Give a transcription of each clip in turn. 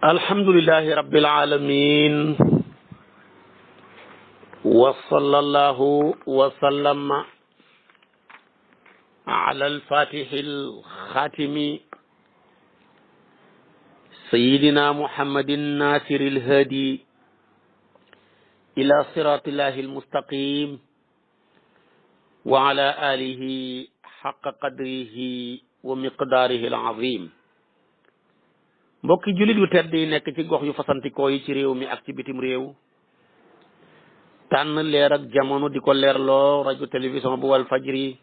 alhamdulilahi rabbil alamin wa sallallahu wa sallama ala alfatihi alxatimi sayidina muhammadin nasiri alhadi ila siratillahi almustaqim wa ala alihi xaqa qadrihi wa miqdaarihi alazim mbokki jullit yu tedd yi nekk ci gox yu fasantikoo yi ci réew mi ak ci bitim réew tànn leer ak jamono di ko leerloo rajo télévision bu wal fajri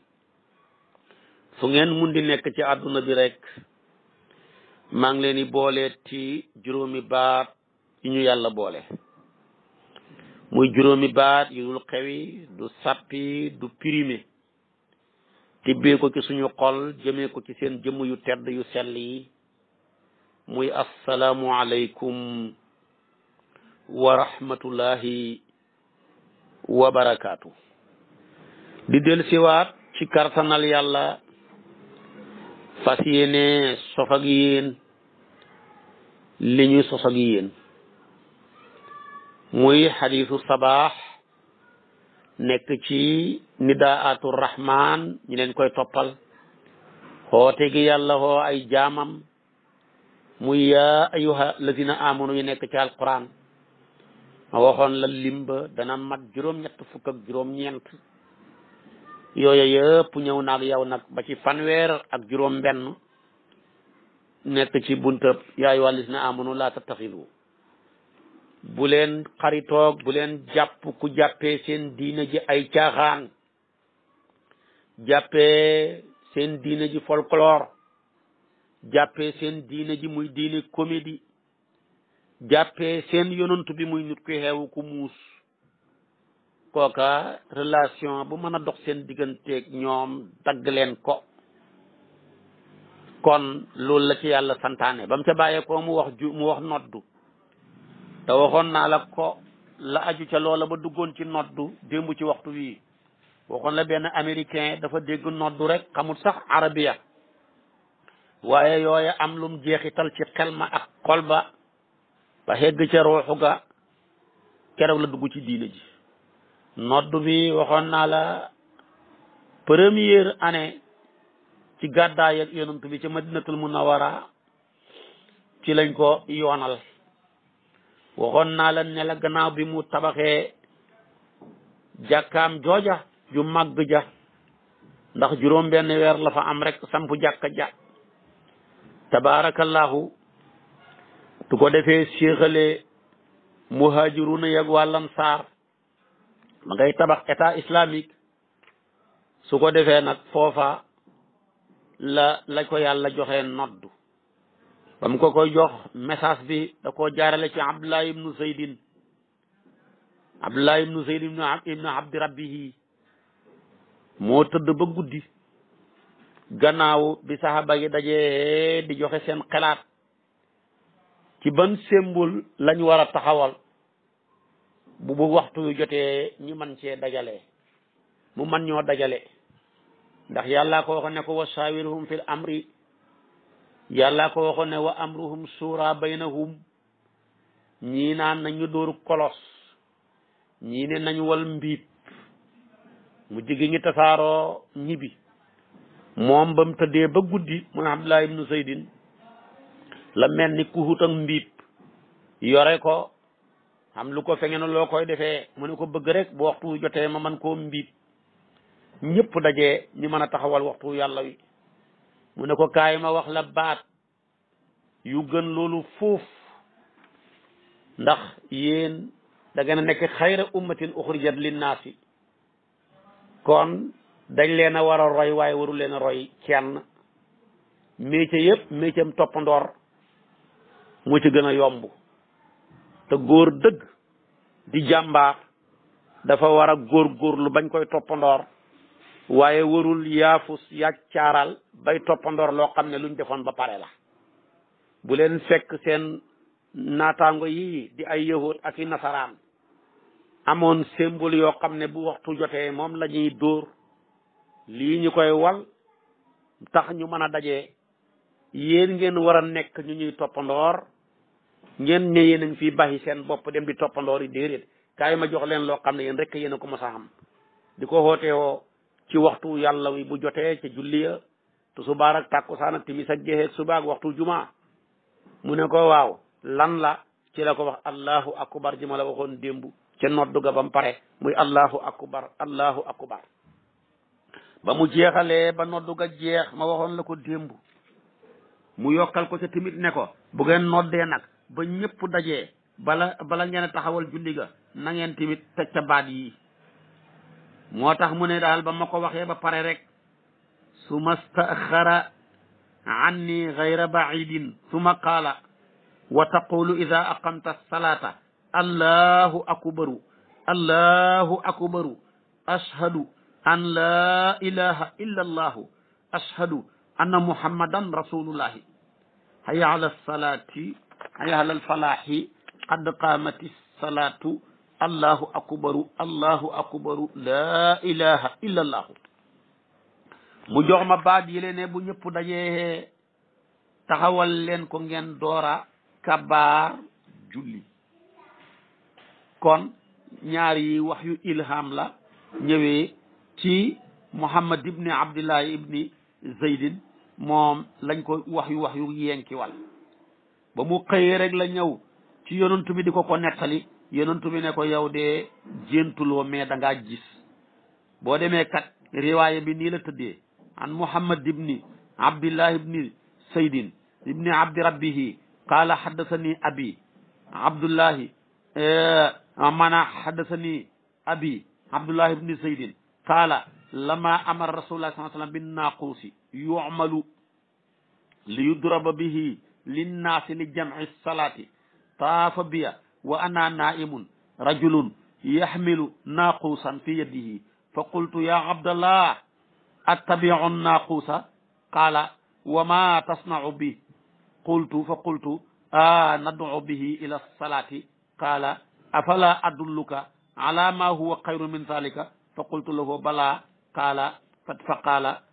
fu ngeen mun di nekk ci àdduna bi rek maa ngi leen di boole ci juróomi baat yi ñu yàlla boole muy juróomi baat yu dul xewi du sàppi du primé tibbee ko ci suñu xol jëmee ko ci seen jëmm yu tedd yu sell yi muy asalaamualeykum wa rahmatullahi wabarakaatu barakaatu. di dellusiwaat ci kartanal yàlla fas yéene sof ak yéen li ñu sos ak yéen muy xadiisu sabaax nekk ci nidaatu rahmaan ñi leen koy toppal xoote gi yàlla xoo ay jaamam muy yaa ayuha lazina amanu yi nekk ci alquran ma waxoon la limba dana mag juróom-ñett fukk ak juróom-ñeent yooyu yëpp ñëw naag yow nag ba ci fanweer ak juróom-benn nekk ci buntab yaa ayuha lazina amanu laa tattaxidu bu leen xaritoog bu leen jàpp ku jàppee seen diina ji ay caaxaan jàppee seen diina ji folklore jàppee seen diine ji muy diine comédie jàppee seen yonantu bi muy nit ku xeewu ku muus kooka relation bu mën a dox seen digganteeg ñoom dagg leen ko kon loolu la ci yàlla santaane ba mu ca bàyyee ko mu wax ju mu wax noddu te waxoon naa la ko la aju ca loola ba duggoon ci noddu démb ci waxtu wii waxoon la benn américain dafa dégg noddu rek xamul sax arabia waaye yooya am lum jeexital ci xel ak xol ba ba xegg ca ruuxu ga la dugg ci diine ji nodd bi waxoon naa la première année ci gàddaay ak yonent bi ci madinatul munawara ci lañ ko yoonal waxoon naa la nela gannaaw bi mu tabaxee jàkkaam jooja ju màgg ja ndax juróom benn weer la fa am rek samp jàkka ja tabaarakallaahu du ko defee séexalee muhajiruna yag wàllan saar ma ngay tabax état islamique su ko defee nag foofa la la ko yàlla joxee nodd ba mu ko koy jox message bi da koo jaarale ci abdullah ibnu zeydin abdullah ibnu zeydin ibnu abdi rabbihi moo tëdd ba guddi gannaaw bi saxaaba yi dajee di joxe seen xelaat ci ban symbole lañ war a taxawal bu bu waxtu yu jotee ñu man cee dajale mu man ñoo dajale ndax yàlla ko waxoon ne ko wa saawirhum fil amri yàlla ko waxoon ne wa amruhum suura baynahum ñii naan nañu dóoru kolos ñii ne nañu wal mbiib mu jigi ñi tasaaroo ñibi moom ba mu tëddee ba guddi mu ne Abdullah ibnu Zaydin la mel ni kuhut ak mbiib yore ko xam lu ko feneen loo koy defee mu ne ko bëgg rek bu waxtu jotee ma man koo mbiib ñëpp dajee ñu mën a taxawal waxtu yàlla wi mu ne ko kaay ma wax la baat yu gën loolu fuuf ndax yéen da ngeen a nekk xayra ummatin uxrijat linnaasi kon dañ leen a war a roy waaye warul leen a roy kenn métier yëpp métier am toppandoor moo ci gën yomb te góor dëgg di jàmbaar dafa wara a góor góorlu bañ koy toppandoor waaye warul yaafus caaral bay toppandoor loo xam ne luñ defoon ba pare la bu leen fekk seen naataango yi di ay yahut ak i nasaraan amoon symbole yoo xam ne bu waxtu jotee moom lañuy dóor lii ñu koy wal tax ñu mën a daje yéen ngeen war a nekk ñu ñuy toppandoor ngeen ne yéen a ngi seen bopp dem di toppandoor yi déedéet kaay ma jox leen loo xam ne yen rek yéen a ko mos a di ko xootee woo ci waxtu yàlla wi bu jotee ca julliya te subaar ak tàkkusaan ak timis ak waxtu jumaa mu ne ko waaw lan la ci la ko wax allahu akbar ji ma la waxoon démb ca noddu ga bam pare muy allahu akbar allahu akbar ba mu jeexale ba nodduga ga jeex ma waxoon la ko démb mu yokkal ko ca tamit ne ko bu ngeen noddee nag ba ñëpp daje bala bala ngeen taxawal julli ga na ngeen tamit teg yi moo tax mu ne daal ba ma ko waxee ba pare rek su ma staxara anni gayra baidin suma qaala wa taqulu ida aqamta salaata allahu akbaru allahu akbaru ashhadu an laa ilaha illa allahu ashhadu anna muhammadan rasulullahi hayya ala alfalaahi qad qaamati salaatu allahu laa ilaha illa allahu mu jox ma baat yi ne bu ñëpp dajee taxawal leen ko ngeen doora kabaar julli kon ñaar yi ilham la ñëwee ci Muhammad ibni Abdillahi ibni Zaydin moom lañ ko waxyu yu wax yu yenki ba mu xëyee rek la ñëw ci yonent bi di ko ko nettali yonent bi ne ko yow de jéntuloo mais danga ngaa gis boo demee kat riwaaya bi nii la tëddee an Muhammad ibni Abdillahi ibni Zaydin ibni abdi rabbihi qaala haddasani abi Abdullahi eh, maanaam haddasani abi Abdullahi ibni Zaydin qaala lama amar rasulullah sallallahu alayhi wa sallam bin naaquusi yu'malu li yudraba bihi linnaasi li jamci salaati taafa biya wa ana naimun rajulun yaxmilu naaquusan fi yadihi fa qultu ya abdallah attabicu naaquusa qaala wa ma tasnacu bi qultu fa qultu a nadcu bihi ila salaati qaala afala adulluka ala ma huwa xayru min dalika fa qultu lahu balaa qaala fa qaala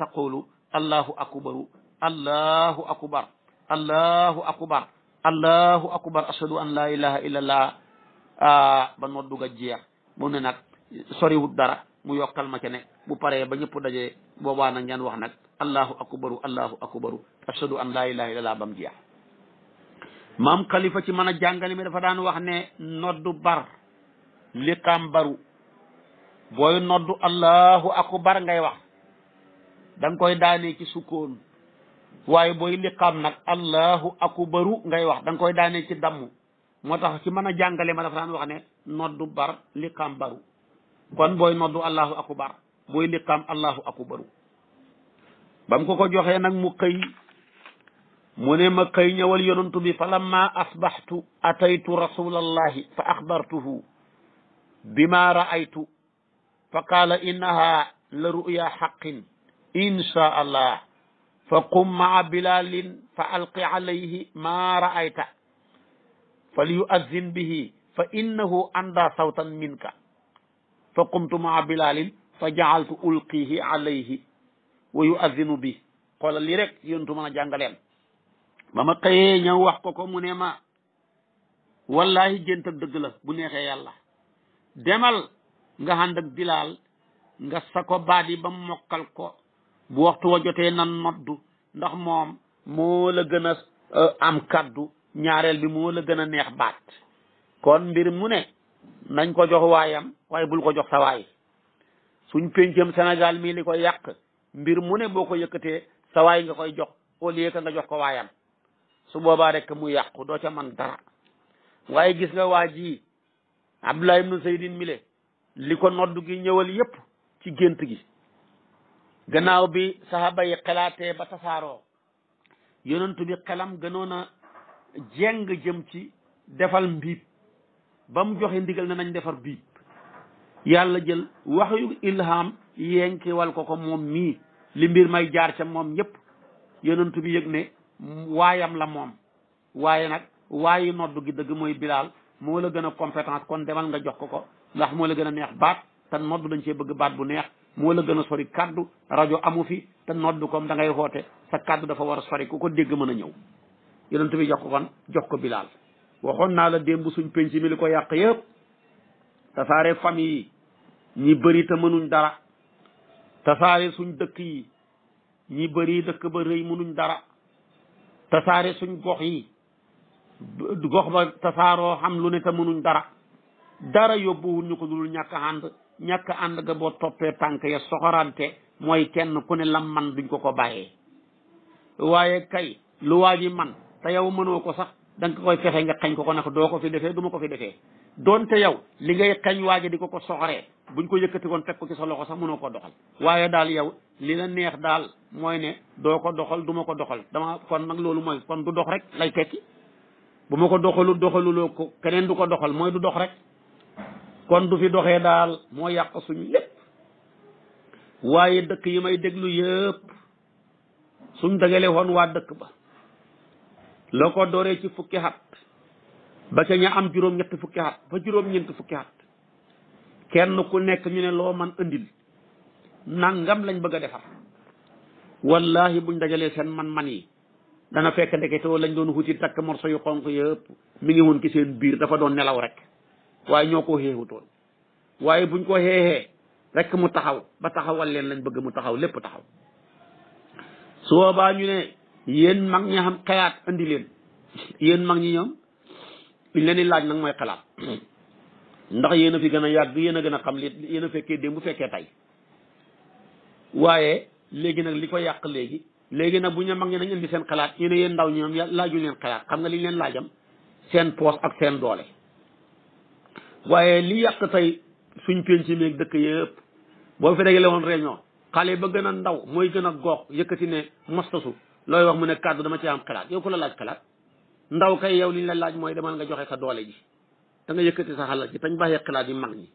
taqulu allahu akbaru allahu akbar allahu akbar allahu akbar ashhadu an la ilaha illa allah ah, ba noddu ga jeex mu ne nag soriwut dara mu yokkal ma ke ne bu paree ba ñëpp dajee boobaa nag ngeen wax nag allahu akbaru allahu akbaru ashhadu an la ilaha illa allah bam jeex maam xalifa ci mën mi dafa wax ne noddu bar liqaam baru booy noddu allahu akbar ngay wax da koy daanee ci sukkoon waaye booy liqaam nag allahu akbaru ngay wax da koy daane ci damm moo tax ci mën a jàngale ma dafa daan wax ne noddu bar liqaam baru kon booy noddu allahu akbar booy liqaam allahu akbaru bam ko ko joxee nag mu xëy mu ne ma xëy ñëwal yonantu bi fa lamma asbaxtu ataytu rasulallahi fa axbartuhu bima raaytu fa qaala innaha la ruya xaqin insha allah fa qum maa bilalin fa alqi alayhi ma raayta fal yuazzin bihi fa innahu anda sawtan minka fa qumtu maa bilalin fa jaaltu ulqihi alayhi wa yuazzinu bi xoolal li rek yontu mën a jàngaleen ba ma xëyee ñëw wax ko ko mu ne ma wallahi gént ak dëgg la bu neexee yàlla demal nga ànd ak bilaal nga sa ko baat yi ba mokkal ko bu waxtu wa jotee nan noddu ndax moom moo la gën a e, am kaddu ñaareel bi moo la gën a neex baat kon mbir mu ne nañ ko jox waayam waaye bul ko jox sa waay suñ péncam Sénégal mii li ko yàq mbir mu ne boo ko yëkkatee sa waay nga koy jox au lieu nga jox ko waayam su boobaa rek mu yàqu doo ca man dara waaye gis nga waa ji Abdoulaye ibnu Seydine mile li ko noddu gi ñëwal yépp ci gént gi gannaaw bi sahaba yi xalaatee ba tasaaroo yonentu bi xelam gënoon a jeng jëm ci defal mbiib ba mu joxe ndigal na nañ defar biib yàlla jël wax yu ilham yenki wal ko ko moom mii li mbir may jaar ca moom ñëpp yonentu bi yëg ne waayam la moom waaye nag waayu noddu gi dëgg mooy bilaal moo la gën a compétence kon demal nga jox ko ko ndax moo la gën a neex baat te noddu dañ cee bëgg baat bu neex moo la gën a sori kàddu rajo amu fi te noddu comme dangay ngay xoote sa kaddu dafa war a sori ku ko dégg mën a ñëw yonent bi jox ko kon jox ko bilaal waxoon naa la démb suñ penc mi li ko yàq yëpp tasaare famille yi ñi bari te mënuñ dara tasaare suñ dëkk yi ñi bari dëkk ba rëy mënuñ dara tasaare suñ gox yi gox ba tasaaroo xam lu ne te mënuñ dara dara yóbbuwul ñu ko dul ñàkk ànd ñàkk ànd boo toppee tànk ya soxorante mooy kenn ku ne lam man duñ ko ko bàyyee waaye kay lu waa man te yow mënoo ko sax da nga koy fexe nga xañ ko ko nag doo ko fi defee du ma ko fi defee donte yow li ngay xañ waa ji di ko ko soxoree buñ ko yëkkatikoon teg ko ci sa loxo sax mënoo ko doxal waaye daal yow li la neex daal mooy ne doo ko doxal duma ko doxal dama kon nag loolu mooy kon du dox rek lay tekki bu ma ko doxalu doxaluloo ko keneen du ko doxal mooy du dox rek kon du fi doxee daal moo yàq suñu lépp waaye dëkk yi may déglu yëpp suñ dagale woon waa dëkk ba loo ko dooree ci fukki xat ba ke ña am juróom ñetti fukki xat ba juróom ñeent fukki xat kenn ku nekk ñu ne loo man andil nangam lañ bëgg a defar wallahi buñ dajalee seen man-man yi dana fekk ndeketewoo lañ doon wuti takk morso yu xonq yëpp mi ngi woon ci seen biir dafa doon nelaw rek waaye ñoo ko xeexutoon waaye buñ ko xeexee rek mu taxaw ba taxawal leen lañ bëgg mu taxaw lépp taxaw su boobaa ñu ne yéen mag ñi xam xalaat indi leen yéen mag ñi ñoom li leen di laaj nag mooy xalaat ndax yéen a fi gën a yàgg yéen a gën a xam li yéen a fekkee démb bu fekkee tey waaye léegi nag li ko yàq léegi léegi nag bu ñu mag ñi nañ indi seen xalaat ñu ne yéen ndaw ñi ñoom laaju leen xalaat xam nga liñ leen laajam seen poos ak seen doole waaye li yàq tey suñ penc meeg dëkk yëpp boo fi dajale woon réunion xale ba gën a ndaw mooy gën a goox yëkkati ne mostasu looy wax mu ne kàddu dama ci am xalaat yow ko la laaj xalaat ndaw kay yow li ñu la laaj mooy demal nga joxe sa doole ji da nga yëkkati sa xalaat ji tañ baaxee xalaat yi mag ñi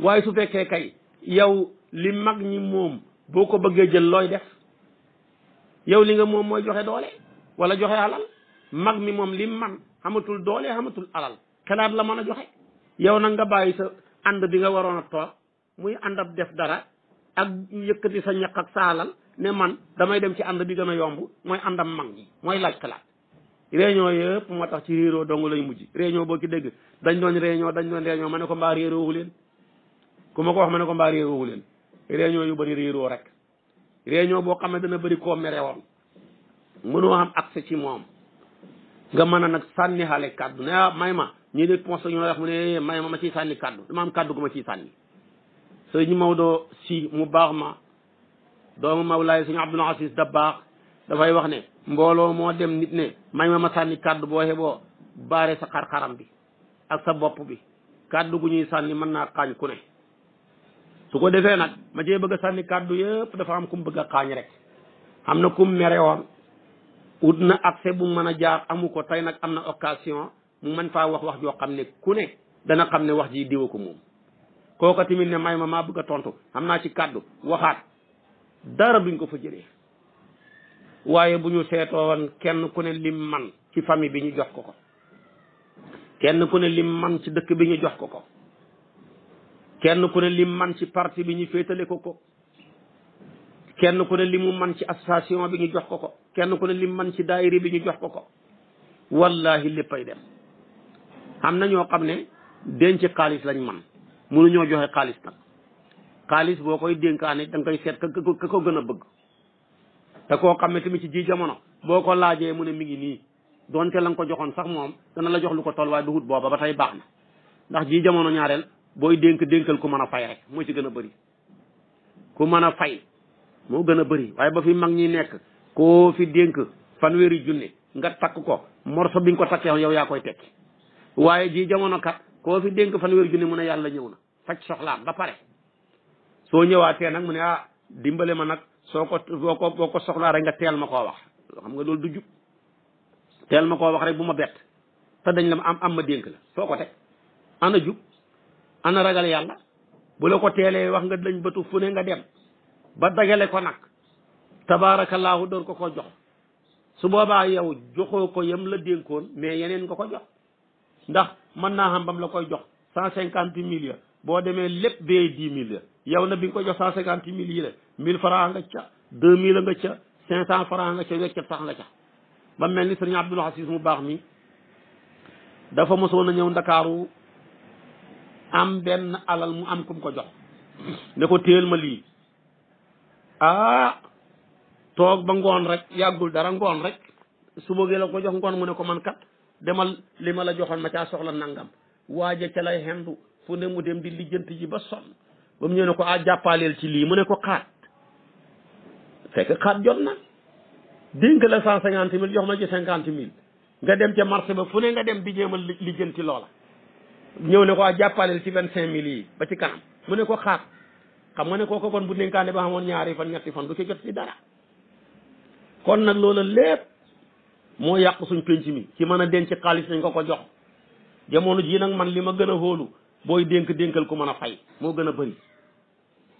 waaye su fekkee kay yow li mag ñi moom boo ko bëggee jël looy def yow li nga moom mooy joxe doole wala joxe alal mag mi moom li man xamatul doole xamatul alal xalaat la mën a joxe yow nag nga bàyyi sa ànd bi nga waroon a toog muy ànd ab def dara ak yëkkati sa ñaq ak saalal ne man damay dem ci ànd bi gën a yomb mooy àndam mag yi mooy laaj xalaat réunion yëpp moo tax ci réeroo dong lañ mujj réunion boo ci dégg dañ doon réunion dañ doon ma ne ko mbaa réeroowu leen ku ma ko wax ma ne ko mbaa réeroowu leen réunion yu bëri réeroo rek réunion boo xam ne dana bëri koo mere woon mënoo am accès ci moom nga mën a nag sànni xale kàddu ne ah, may ma ñii de ponse ñoo wax mu ne may ma ma ciy sànni kàddu dama am kàddu gu ma ciy sànni sëriñ Maodo si mu baax ma doomu Mawlaay sëriñ Abdul Aziz Dabaax dafay wax ne mbooloo moo dem nit ne may ma ma sànni kàddu boo xeboo baare sa xar-xaram bi ak sa bopp bi kàddu gu ñuy sànni man naa xaañ ku ne su ko defee nag ma cee bëgg a sànni kàddu yëpp dafa am ku mu bëgg a xaañ rek am na ku mu mere woon ut na accès bu mën a jaar amu ko tey nag am na occasion mu mën faa wax wax joo xam ne ku ne dana xam ne wax ji diw ko moom kooka tamit ne may ma maa bëgg a tontu xam naa ci kàddu waxaat dara duñ ko fa jëlee waaye bu ñu seetoon kenn ku ne lim man ci famille bi ñu jox ko kenn ku ne lim man ci dëkk bi ñu jox ko ko kenn ku ne lim man ci parti bi ñu féetale ko kenn ku ne li man ci association bi ñu jox ko ko kenn ku ne lim man ci daayiri bi ñu jox ko ko wallahi léppay dem am na ñoo xam ne denc xaalis lañ man mënuñoo joxe xaalis nag xaalis boo koy dénkaane da nga koy seet ka ko gën a bëgg te koo xam ne mu ci ji jamono boo ko laajee mu ne mi ngi nii donte la nga ko joxoon sax moom dana la jox lu ko toll waaye duhut booba ba tey baax na ndax ji jamono ñaareel booy dénk dénkal ku mën a fay rek moo ci gën a bëri ku mën a fay moo gën a bëri waaye ba fi mag ñi nekk koo fi dénk fanweeri junne nga takk ko morso bi nga ko takkee yow yaa koy tekki waaye jii jamono kat koo fi dénk fanweer junni mu ne yàlla ñëw na faj soxlaam ba pare soo ñëwaatee nag mu ne ah dimbale ma nag soo ko boo ko boo ko soxlaa rek nga teel ma koo wax xam nga loolu du jub teel ma koo wax rek bu ma bett te dañ la ma am am ma dénk la soo ko teg ana jub ana ragal yàlla bu la ko teelee wax nga dañ bëtu fu ne nga dem ba dagale ko nag tabaarakallaahu door ko ko jox su boobaa yow joxoo ko yem la dénkoon mais yeneen nga ko jox ndax mën naa xam bam la koy jox cent cinquante mille ya boo demee lépp bee dix mille ya yow na bi nga ko jox cent cinquante mille yi la mille franc nga ca deux mille nga ca cinq cent franc nga ca ba mel ni sëriñ Abdul Aziz mu baax mi dafa mosoon a ñëw ndakaaru am benn alal mu am kum ko jox ne ko téel ma lii ah toog ba ngoon rek yàggul dara ngoon rek su bëggee la ko jox ngoon mu ne ko man kat demal li ma la joxoon ma caa soxla nangam waaja ca lay xendu fu ne mu dem di lijjant ji ba sonn ba mu ñëw ne ko a ah, jàppaleel ci lii mu ne ko xaat fekk xaat jot na dénk la cent cinquante mille jox ma ci cinquante mille nga dem ca marché ba fu ne nga dem di jéem a lijjanti loola ñëw ne ko a ah, jàppaaleel ci vingt cinq mille yi ba ci kanam mu ne ko xaat xam nga ne ko kon bu dénkaane ba xamoon ñaari fan ñetti fan du ci jot ci dara kon nag loola lépp moo yàq suñ penc mi ci mën a denc xaalis nañ ko ko jox jamono jii nag man li ma gën a hóolu booy dénk dénkal ko mën a fay moo gën a bëri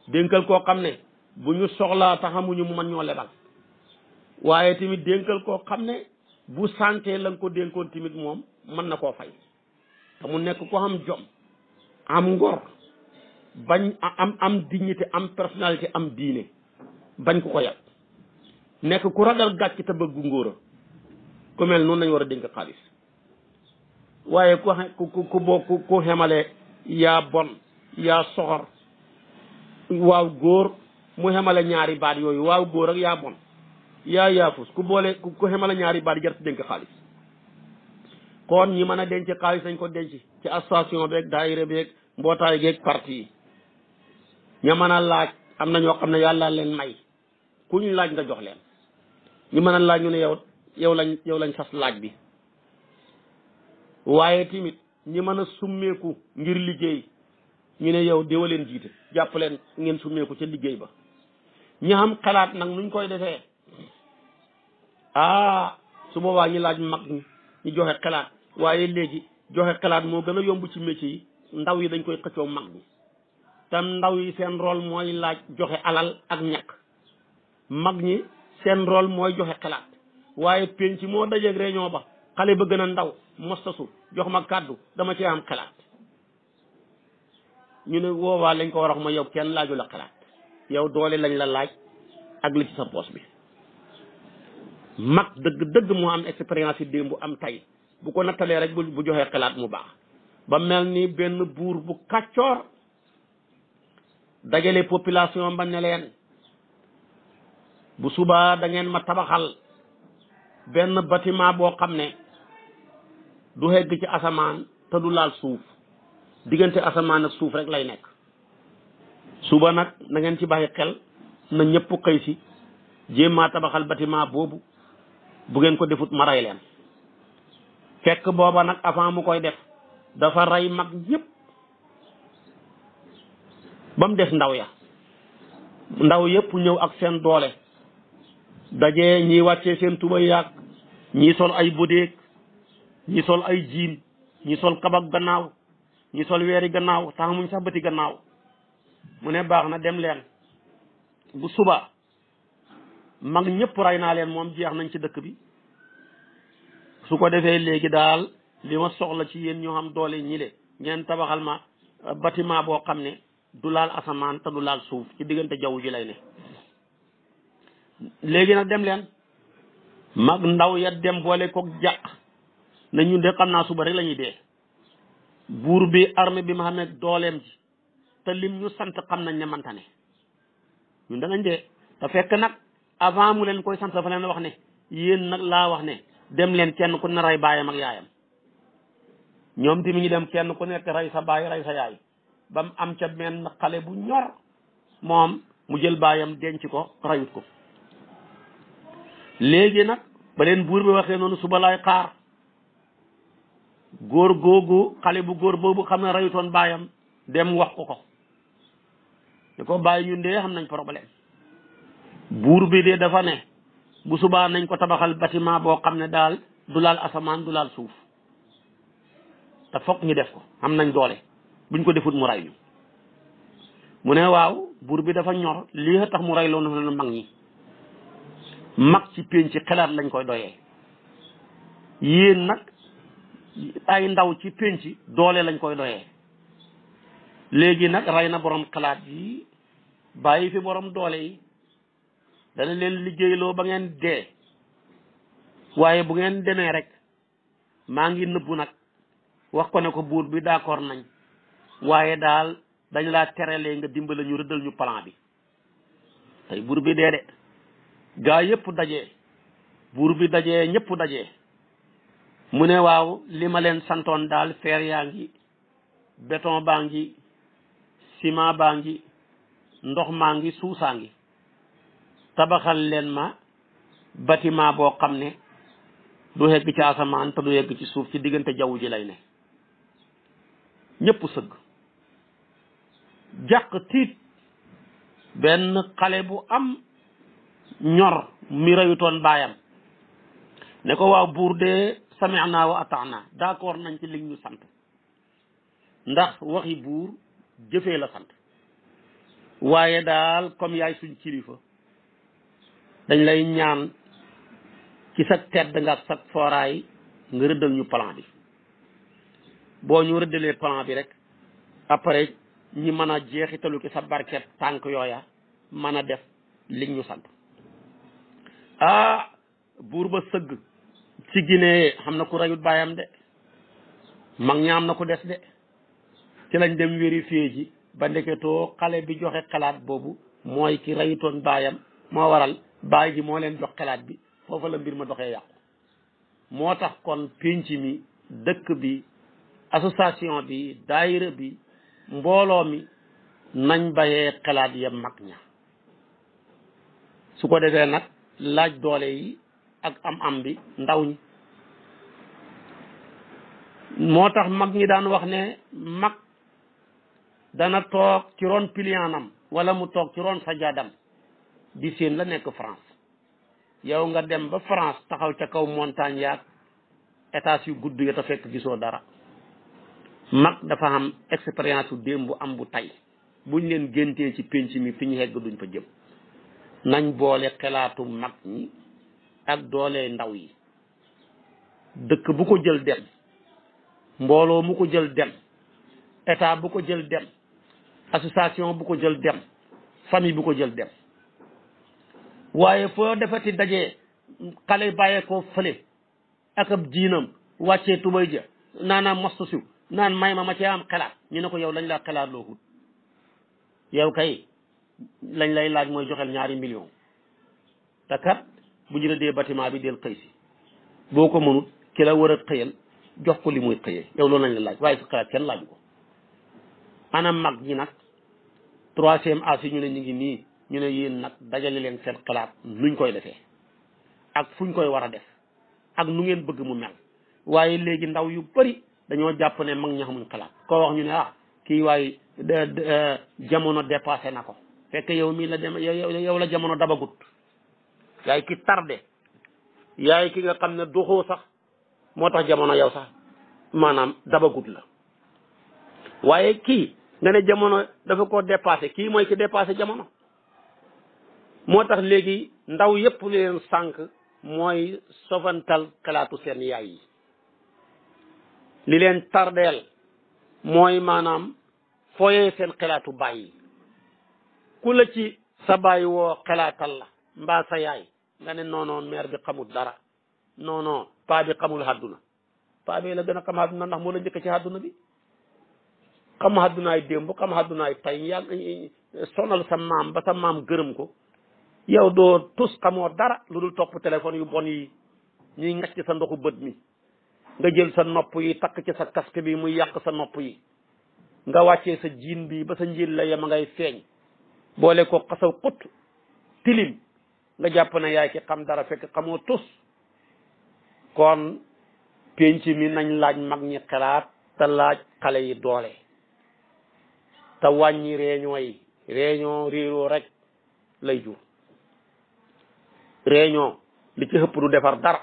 dénkal koo xam ne bu ñu soxlaa taxamuñu mu man ñoo lebal waaye tamit dénkal koo xam ne bu santé la nga ko dénkoon tamit moom mën na koo fay te nekk ko am jom am ngor bañ am am dignité am personnalité am diine bañ ko ko yàq nekk ku ragal gàcc te bëggu ngóora ku mel noonu lañ war a dénk xaalis waaye ku ku ku boo ku ku xemale yaa bon yaa soxor waaw góor mu xemale ñaari baat yooyu waaw góor ak yaa bon yaa yaafus ku boole ku xemale ñaari baat jar si dénk xaalis kon ñi mën a denc xaalis dañ ko denc ci association beeg daayira beeg mbootaay geeg parti yi ña mën a laaj am na ñoo xam ne yàlla leen may ku laaj nga jox leen ñu mën a laaj ñu ne yow yow lañ yow lañ sas laaj bi waaye tamit ñi mën a summeeku ngir liggéey ñu ne yow déwa leen jiite jàpp leen ngeen summeeku ca liggéey ba ñi xam xalaat nag nuñ koy defee ah su boobaa ñi laaj mag ñi ñu joxe xalaat waaye léegi joxe xalaat moo gën a yomb ci métier yi ndaw yi dañ koy xëccoo mag ñi tam ndaw yi seen rôle mooy laaj joxe alal ak ñàkk mag ñi seen rôle mooy joxe xalaat waaye penc moo dajeeg réunion ba xale ba gën a ndaw mostasu jox ma kàddu dama ci am xalaat ñu ne woowaa lañ ko war a ma yow kenn laaju la xalaat yow doole lañ la laaj ak li sa poos bi mag dëgg-dëgg moo am expérience yi bu am tay bu ko nattalee rek bu joxee xalaat mu baax ba mel ni benn buur bu kàccoor dajale population ba ne leen bu subaa da ma tabaxal benn batiment boo xam ne du hegg ci asamaan te du laal suuf diggante asamaan ak suuf rek lay nekk suba nag na ngeen ci bàyyi xel na ñëpp xëy si jéemaa tabaxal batiment boobu bu ngeen ko defut ma rey leen fekk booba nag avant mu koy def dafa rey mag ñëpp ba mu des ndaw ya ndaw yëpp ñëw ak seen doole dajee ñiy wàccee seen tuba yaag ñi sol ay budéeg ñi sol ay jiin ñi sol kabak gannaaw ñi sol weeri gannaaw tax muñ sax bati gannaaw mu ne baax na dem leen bu suba mag ñëpp rey naa leen moom jeex nañ ci dëkk bi su ko defee léegi daal li ma soxla ci yéen ñoo xam doole ñi le ngeen tabaxal ma bâtiment boo xam ne du laal asamaan te du laal suuf ci diggante jaww ji lay ne léegi nag dem leen mag ndaw ya dem boole koog jàq na ñun de xam naa suba rek lañuy ñuy dee buur bi armée bi ma xam ne dooleem ji te lim ñu sant xam nañ ne mantane ñun danañ dee te fekk nag avant mu leen koy sant dafa leen wax ne yéen nag laa wax ne dem leen kenn ku ne rey baayam ak yaayam ñoom tamit ñu dem kenn ku nekk rey sa baay rey sa yaay ba mu am ca benn xale bu ñor moom mu jël baayam denc ko reyut ko léegi nag ba leen buur bi waxee noonu suba laay xaar góor googu xale bu góor boobu xam ne rayutoon baayam dem wax ko ko ni ko bàyyi ñun dee xam nañ problème buur bi de dafa ne bu subaa nañ ko tabaxal bâtiment boo xam ne daal du laal asamaan du laal suuf te foog ñu def ko am nañ doole buñ ko defut mu ray ñu mu ne waaw buur bi dafa ñor lii tax mu ray loonu mag ñi mag ci pénc ci xelaat lañ koy doye yéen nag ay ndaw ci pénc doole lañ koy doye léegi nag rey na borom xalaat yi bàyyi fi borom doole yi dana leen liggéeyloo ba ngeen dee waaye bu ngeen demee rek maa ngi nëbbu nag wax ko ne ko buur bi d'accord nañ waaye daal dañ laa terelee nga dimbale ñu rëddal ñu plan bi tey buur bi dee de gaa yëpp daje buur bi daje ñépp daje mu ne waaw li ma leen santoon daal feer yaa ngi beton baa ngi ciment baa ngi ndox maa ngi suusaa ngi tabaxal leen ma bâtiment boo xam ne du yegg ci asamaan te du yegg ci suuf ci diggante jaww ji lay ne ñépp sëgg jàq tiit benn xale bu am ñor mi reyutoon baayam ne ko waaw buur de sami'na wa ata'na d'accord nañ ci liñ ñu sant ndax waxi buur jëfee la sant waaye daal comme yaay suñ kilifa dañ lay ñaan ci sa tedd nga ak fooraay nga rëddal ñu plan bi boo ñu rëddalee plan bi rek après ñi mën a jeexitalu ci sa barket tànk yooya mën a def liñ ñu sant ah buur ba sëgg ci Guinée xam na ku rayut baayam de mag ñaam na ko des de ci lañ dem vérifier ji ba ndeketoo xale bi joxe xalaat boobu mooy ki rayutoon baayam moo waral baay ji moo leen jox xalaat bi foofa la mbir ma doxee yàqu moo tax kon pénc mi dëkk bi association bi daayira bi mbooloo mi nañ bayee xalaat yem mag ña su ko defee nag laaj doole yi ak am-am bi ndaw ñi moo tax mag ñi daan wax ne mag dana toog ci ron piliyaanam wala mu toog ci ron sajaadam di séen la nekk France yow nga dem ba France taxaw ca kaw montagne yaag étage yu gudd ya fekk gisoo dara mag dafa am expérience u démb bu am bu tey buñ leen géntee ci pénc mi fi ñu hegg duñ fa jëm nañ boole xelaatu mag ñi ak doole ndaw yi dëkk bu ko jël dem mbooloo mu ko jël dem état bu ko jël dem association bu ko jël dem famille bu ko jël dem waaye foo defati dajee xale bàyyee ko fële ak ab jiinam wàccee tubay ja naanaam mostu siw naan may ma ma am xelaat ñu ne ko yow lañ laa xelaat loo xut yow kay lañ lay laaj mooy joxel ñaari million te kat bu ñu rëddee bâtiment bi del xëy si boo ko mënut ki la war a xëyal jox ko li muy xëyee yow loolu lañ la laaj waaye sa xalaat kenn laaj ko ana mag ñi nag troisième âge yi ñu ne ñu ngi nii ñu ne yéen nag dajale leen seen xalaat nuñ koy defee ak fuñ koy war a def ak nu ngeen bëgg mu mel waaye léegi ndaw yu bari dañoo jàpp ne mag ñi xamuñ xalaat koo wax ñu ne ah kii waaye euh, jamono dépassé na ko fekk yow mii la dem yow la jamono dabagut yaay ki tarde yaay ki nga xam ne doxoo sax moo tax jamono yow sax maanaam dabagut la waaye kii nga ne jamono dafa ko dépassé kii mooy ki dépassé jamono moo tax léegi ndaw yépp li leen sànq mooy sofantal xalaatu seen yaay yi li leen tardeel mooy maanaam fooyee seen xalaatu baay yi ku la ci sa baay woo xelaatal la mbaa sa yaay nga ne non non bi xamul dara non non paa bi xamul àdduna paa bi la gën a xam àdduna ndax moo la njëkk ci àdduna bi xam àddunaay démb xam àddunaay tay yàgg eh, sonal sa maam ba sa maam gërëm ko yow doo tus xamoo dara lu dul topp téléphone yu bon yi ñuy ngacc sa ndoxu bët mi nga jël sa nopp yi takk ci sa casque bi muy yàq sa nopp yi nga wàccee sa jiin bii ba sa njiit la yem a ngay feeñ boole ko xasaw xut tilim nga jàpp na yaay ki xam dara fekk xamoo tus kon penc mi nañ laaj mag ñi xalaat te laaj xale yi doole te wàññi réunion yi réunion réeroo rek lay jur réunion li ci ëpp du defar dara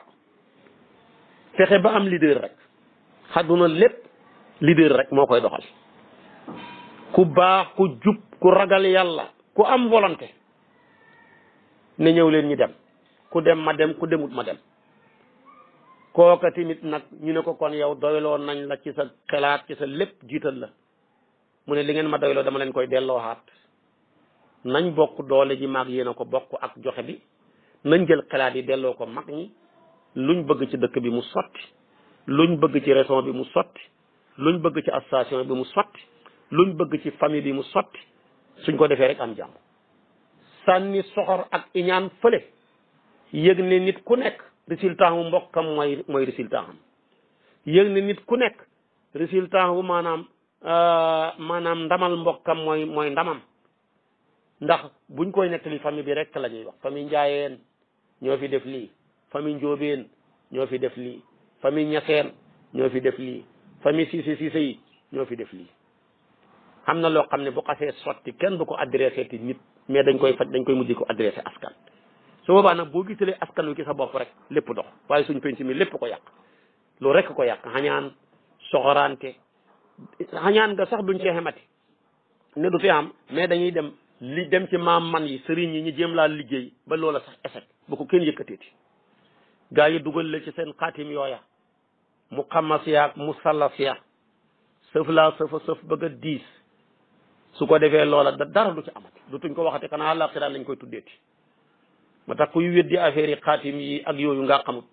fexe ba am leader rek xadduna lépp leader rek moo koy doxal ku baax ku jub ku ragal yàlla ku am volonté ne ñëw leen ñi dem ku dem ma dem ku demut ma dem kooka tamit nag ñu ne ko kon yow doyloo nañ la ci sa xelaat ci sa lépp jiital la mu ne li ngeen ma doyloo dama leen koy delloo dellooxaat nañ bokk doole ji maag yéen a ko bokk ak joxe bi nañ jël xelaat yi delloo ko mag ñi luñ bëgg ci dëkk bi mu sotti luñ bëgg ci région bi mu sotti luñ bëgg ci association bi mu sotti luñ bëgg ci famille bi mu sotti suñ ko defee rek am jàmm sànni soxor ak iñaan fële yëg ne nit ku nekk résultat wu mbokkam mooy mooy résultat am yëg ne nit ku nekk résultat wu maanaam euh, maanaam ndamal mbokkam mooy mooy ndamam ndax buñ nekk nettali famille bi rek la ñuy wax famille njaayeen ñoo fi def lii famille njóobeen ñoo fi def lii famille ñaseen ñoo fi def lii famille siise siise ñoo fi def lii xam na loo xam ne bu xasee sotti kenn du ko adressé ti nit mais dañ koy faj dañ koy mujj ko adressé askan soo boobaa nag boo gisalee askan wi ci sa bopp rek lépp dox waaye suñ penc mi lépp ko yàq loolu rek ko yàq xañaan soxorante xañaan nga sax duñ cee xemati ne du fi am mais dañuy dem li dem ci maam man yi sëriñ yi ñu jëm laa liggéey ba loola sax échec bu ko kenn yëkkateeti gaa yi dugal la ci seen xaatim yooya mu xamas yaag mu sallas ya sëf laa su ko defee loola da dara lu ci amati dutuñ ko waxate xanaa àllaaxira lañ koy tuddeeti moo tax kuy weddi affaire yi xaatim yi ak yooyu nga xamut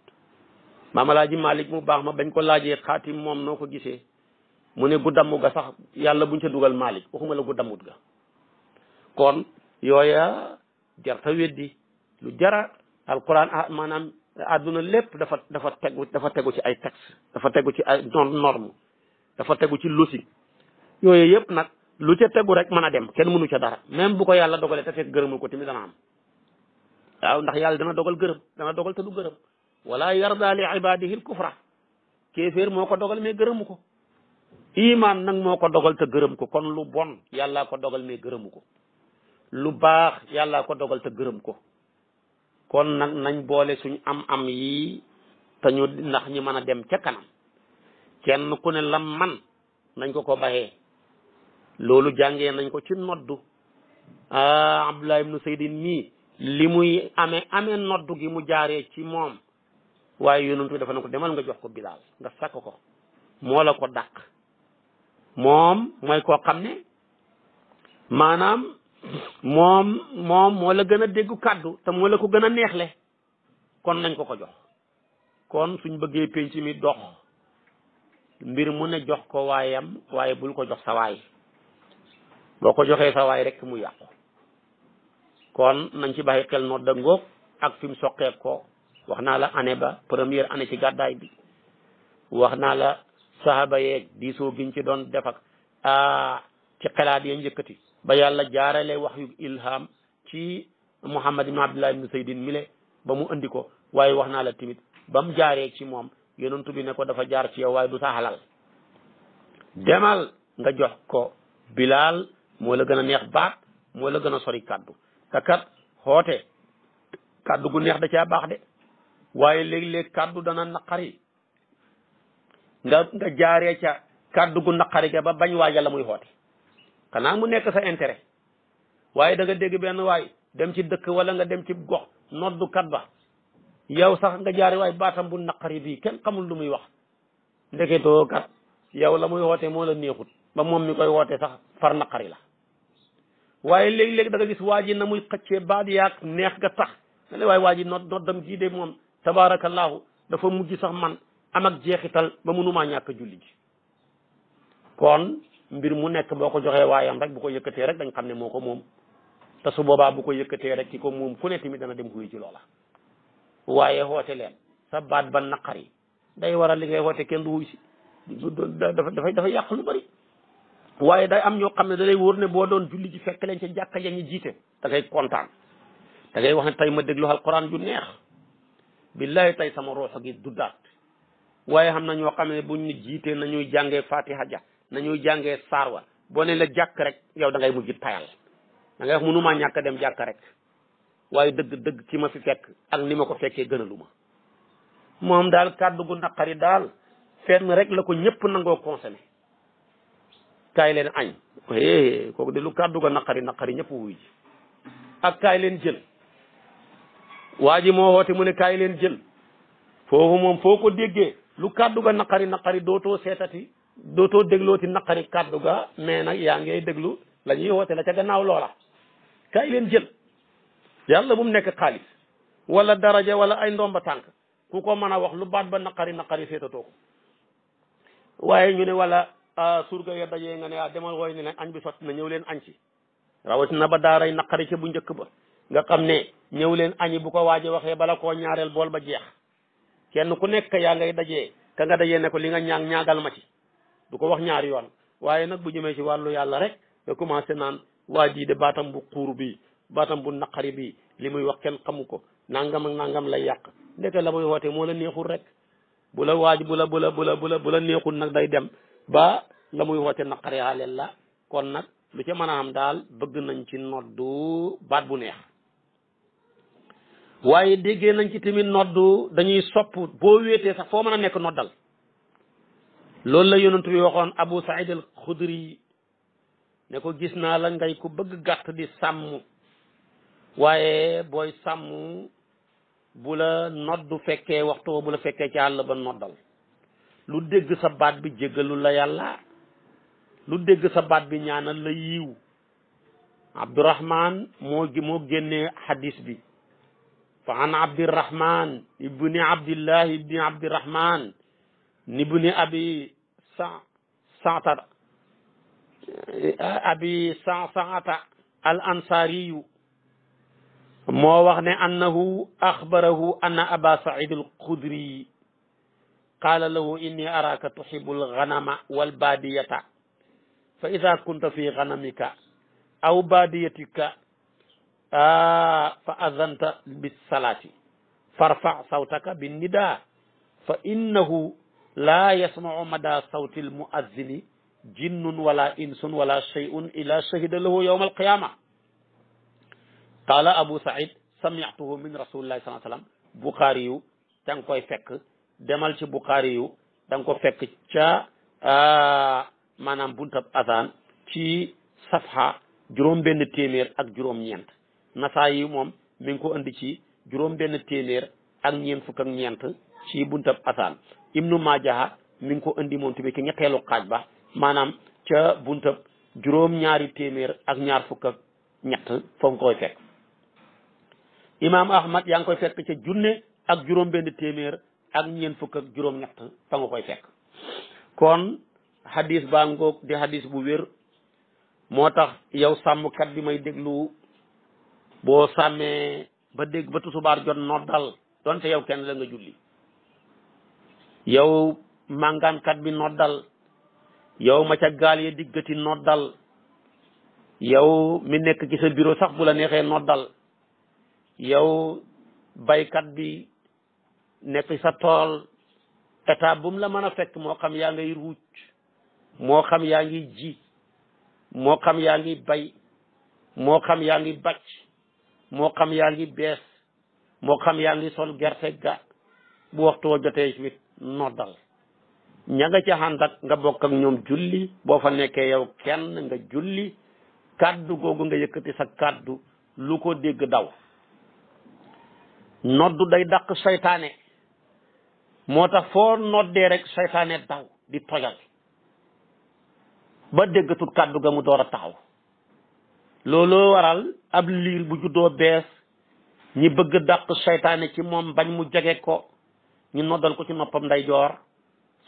maam Alaaji Malik mu baax ma bañ ko laajee xaatim moom noo ko gisee mu ne gu damm ga sax yàlla buñ ca dugal Malik waxuma la gu dammut ga kon yooya jarta weddi lu jara alquran ah maanaam àdduna lépp dafa dafa tegu dafa tegu ci ay texte dafa tegu ci ay norme dafa tegu ci logique yooyu yëpp nag lu ca tegu rek mën a dem kenn mënu ca dara même bu ko yàlla dogalee te fekk gërëmul ko tamit dana am ndax yàlla dana dogal gërëm dana dogal te du gërëm wala yarda li ibadihi l kufra kéeféer moo ko dogal mais gërëmu ko iman nag moo ko dogal te gërëm ko kon lu bon yàllaa ko dogal mais gërëmu ko lu baax yàllaa ko dogal te gërëm ko kon nag nañ boole suñ am am yi te ñu ndax ñi mën a dem ca kanam kenn ku ne lam man nañ ko ko baxee loolu jàngee nañ ko ci noddu ah Abdullah ibnu Saydin mii li muy amee amee noddu gi mu jaaree ci moom waaye yonent bi dafa ne ko demal nga jox ko Bilaal nga sakk ko moo la ko dàq moom mooy koo xam ne maanaam moom moom moo la gën a déggu kàddu te moo la ko gën a neexle kon nañ ko ko jox kon suñ bëggee penc mi dox mbir mu ne jox ko waayam waaye bul ko jox sa waay boo ko joxee sa waay rek mu yàqu kon nañ ci bàyyi xel nodda ngoog ak fi mu soqee ko wax naa la année ba première année ci gàddaay bi wax naa la sahaba di diisoo giñ ci doon def ak a ci xelaat ya njëkkati ba yàlla jaarale wax yu ilham ci Muhammad ibn Abdullah ibn Saydin mile ba mu indi ko waaye wax naa la tamit ba mu jaaree ci moom yonentu bi ne ko dafa jaar ci yow waaye du sa xalal demal nga jox ko Bilal moo la gën a neex baat moo la gën a sori kàddu te kat xoote kàddu gu neex da caa baax de waaye léeg-léeg kàddu dana naqari nga nga jaaree ca kàddu gu naqari ga ba bañ waaja la muy xoote xanaa mu nekk sa intérêt waaye danga nga dégg benn waay dem ci dëkk wala nga dem ci gox noddu noddukat ba yow sax nga jaare waay baatam bu naqari bii kenn xamul lu muy wax ndeketoo kat yow la muy woote moo la neexut ba moom mi koy woote sax far naqari la waaye léegi léeg da gis waa ji na muy xëccee baat yaak neex nga tax waaye waa ji not dam gii de moom tabaarakallaahu dafa mujj sax man am ak jeexital ba mënumaa ñàkk julli ji kon mbir mu nekk boo ko joxee waayam rek bu ko yëkkatee rek dañ xam ne moo ko moom te su boobaa bu ko yëkkatee rek ci ko moom ku ne tamit dana dem wuy ci loola waaye xoote sa baat ba naqari day waral li ngay xoote kenn du wuy si dafa dafay yàq lu bari waaye day am ñoo xam ne da wóor ne boo doon julli ji fekk leen ca jàkka ja ñu jiite da ngay kontaan da ngay wax ne tey ma déglu alquran ju neex billahi tey sama roox gi duddaat waaye xam na ñoo xam ne buñ ni jiitee nañuy jàngee fatiha ja nañuy jàngee saarwa boo ne la jàkk rek yow da ngay mujj tayal dangay wax mënumaa ñàkk dem jàkk rek waaye dëgg dëgg ki ma fi fekk ak ni ma ko fekkee gën lu ma moom daal kàddu gu naqari daal fenn rek la ko ñëpp nangoo consommé kaay leen añ é eh, kooku de lu kàddu ga naqari naqari ñëpp wuy ji ak kaay leen jël waa ji moo woote mu ne kaay leen jël foofu moom foo ko déggee lu kàddu ga naqari naqari dootoo seetati dootoo déglooti naqari kàddu ga mais nag yaa ngay déglu la ñuy woote la ca gannaaw loola kaay leen jël yàlla bu mu nekk xaalis wala daraja wala ay ndomba tànk ku ko mën a wax lu baat ba naqari naqari seetatoo ko waaye ñu ne wala suur ya dajee nga ne a ah, demal wooy ni ne añ bi sotti na ñëw leen añ ci rawatina ba daaray naqari ca bu njëkk ba nga xam ne ñëw leen añi bu ko waaje waxee bala koo ñaareel bool ba jeex kenn ku nekk yaa ngay dajee ka nga dajee ne ko li nga ñaag ñaagal ma ci du ko wax ñaari yoon waaye nag bu jëmee ci wàllu yàlla rek nga commencé naan waa jii de baatam bu xuur bi baatam bu naqari bi li muy wax kenn xamu ko nangam ak nangam lay yàq ndeke la muy woote moo la neexul rek bu la waaj bu la bu la bu la bu nag day dem ba la muy woote naqari aleel la kon nag lu ca mën a am daal bëgg nañ ci noddu baat bu neex waaye déggee nañ ci tamit noddu dañuy sopp boo wéetee sax foo mën a nekk noddal loolu la yonent bi waxoon Abu Saïd al Xudri ne ko gis naa la ngay ku bëgg gàtt di sàmm waaye booy sàmm bu la noddu fekkee waxtu bu la fekkee ci àll ba noddal lu dégg sa baat bi jéggalul la yàlla lu dégg sa baat bi ñaanal la yiiw abdurahman moo moo génnee hadis bi fa an abdirahman ibni abdillah ibni abdirahman ibni abi sa saata abi moo wax ne annahu axbarahu anna aba said al qaala lahu inni araka tuhibu alganama walbaadiyata fa ida kunta fi ganamika aw baadiyatika fa adanta bisalati farfa sawtaka binnida fa innahu la yasmau mada sawti almuazzini jinnun wala insun wala shay'un ila shahida lahu yawma alqiyama qaala abu said samictuhu min rasulillahi saa sallam buxaari yu danga koy fekk demal ci buxaari yu da nga ko fekk ca ah, maanaam buntab azan ci safha juróom benn téeméer ak juróom ñeent nasaa yi moom mi ngi ko indi ci juróom benn téeméer ak ñeent fukk ñeent ci buntab azan ibnu majaha mi ngi ko indi moom tamit ki ñetteelu xaaj ba maanaam ca buntab juróom ñaari téeméer ak ñaar fukk ak ñett foo nga koy fekk imam ahmad yaa koy fekk ca junne ak juróom benn téeméer ak ñeent fukk ak juróom-ñett fa nga koy fekk kon hadis baa ngoog di hadis bu wér moo tax yow sàmmkat bi may déglu boo sàmmee ba dégg ba tusubaar jot noddal donte yow kenn la nga julli yow màngaankat bi noddal yow ma ca gaal ya diggati noddal yow mi nekk ci sa bureau sax bu la neexee noddal yow baykat bi nekk sa tool état bu la mën a fekk moo xam yaa ngay ruuj moo xam yaa ngi ji moo xam yaa ngi bay moo xam yaa ngi bac moo xam yaa ngi bees moo xam yaa ngi sol gerte ga bu waxtu wa jotee wit noddal ña nga ca ànd nga bokk ak ñoom julli boo fa nekkee yow kenn nga julli kàddu googu nga yëkkati sa kàddu lu ko dégg daw noddu day dàq seytaane moo tax foo noddee rek seytaane daw di tojal ba déggatul kàddu ga mu door a taxaw looloo waral ab liir bu juddoo bees ñi bëgg dàq seytaane ci moom bañ mu jege ko ñu noddal ko ci noppam ndeyjoor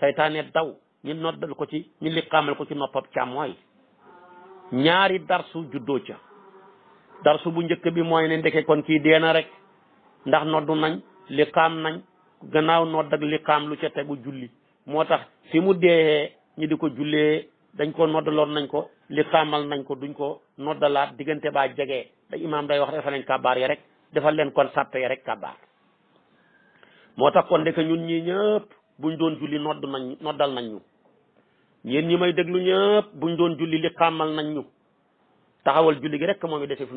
seytaane daw ñu noddal ko ci ñu liqaamal ko ci noppam càmmooy ñaari darsu juddoo ca darsu bu njëkk bi mooy ne ndeke kon kii dee rek ndax noddu nañ liqaam nañ gannaaw nodd ak liqaam lu ca tegu julli moo tax fi mu dee ñi di ko jullee dañ ko noddaloon nañ ko liqaamal nañ ko duñ ko noddalaat diggante baa jege da imaam day wax defal leen kabaar rek defal leen kon sàppe ya rek kabaar moo tax kon ndeke ñun ñii buñ doon julli nodd nañ noddal ñu yéen déglu buñ doon julli liqaamal nañ ñu taxawal julli rek moom i dese fu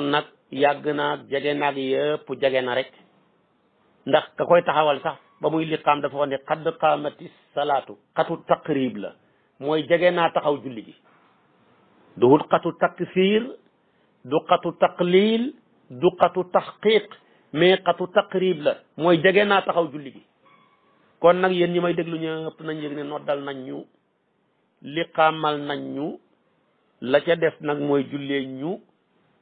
nag yàgg naag jege naag yëpp jege na rek ndax ka koy taxawal sax ba muy liqaam dafa wax ne xadd qaamati salaatu xatu taqrib la mooy jege naa taxaw julli gi duhul xatu takfir du xatu taqlil du xatu taxqiq mais xatu taqrib la mooy jege naa taxaw julli gi kon nag yéen ñi may déglu ñëpp nañ yëg ne noddal nañ ñu liqaamal nañ ñu la ca def nag mooy jullee ñu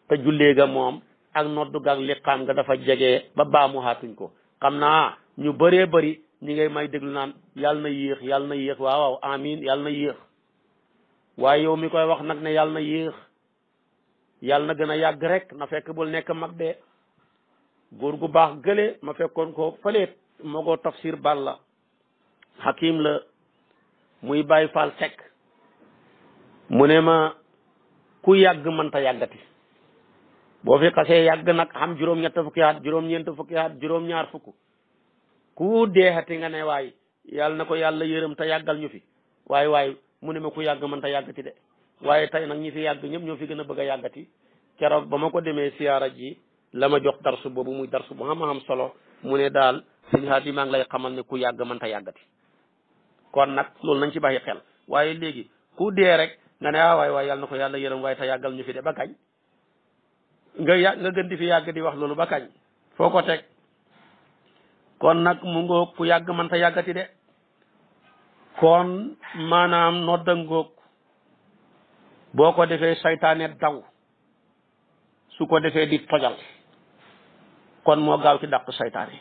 te jullee ga moom ak noddu gaag liqaam ga dafa jege ba baamu haatuñ ko xam naa ñu baree bari ñu ngay may déglu naan yàlla na yéex yàlla na yéex waaw waaw amiin na yéex waaye yow mi koy wax nag na yàlla na yéex yàlla na gën a yàgg rek na fekk bul nekk mag be góor gu baax gële ma fekkoon ko fëleet moo ko tafsir balla hakim la muy bàyyi faal sekk mu ne ma ku yàgg mënta yàggati boo fi xasee yàgg nag xam juróom-ñett fukki juróom-ñeent fukki at juróom-ñaar fukk ku deexati nga ne waay yàlla na ko yàlla yërëm te yàggal ñu fi waaye waaye mu ne ma ku yàgg man te yàggati de waaye tey nag ñi fi yàgg ñëpp ñoo fi gën a bëgg a yàggati ba ma ko demee siyaara ji la ma jox darsu boobu muy darsu bu xam-xam solo mu ne daal sëñ Haadi maa ngi lay xamal ku yàgg man ta yàggati kon nag loolu nañ ci bàyyi xel waaye léegi ku dee rek nga ne ah, waay waay yàlla na ko yàlla yërëm waaye ta yàggal ñu fi de ba kañ nga yà nga gën di fi yàgg di wax loolu ba kañ foo ko teg kon nag mu ngoog ku yàgg man ta yàggati de kon maanaam nodda ngoog boo ko defee saytaane daw su ko defee di tojal kon moo gaaw ci dàq saytaane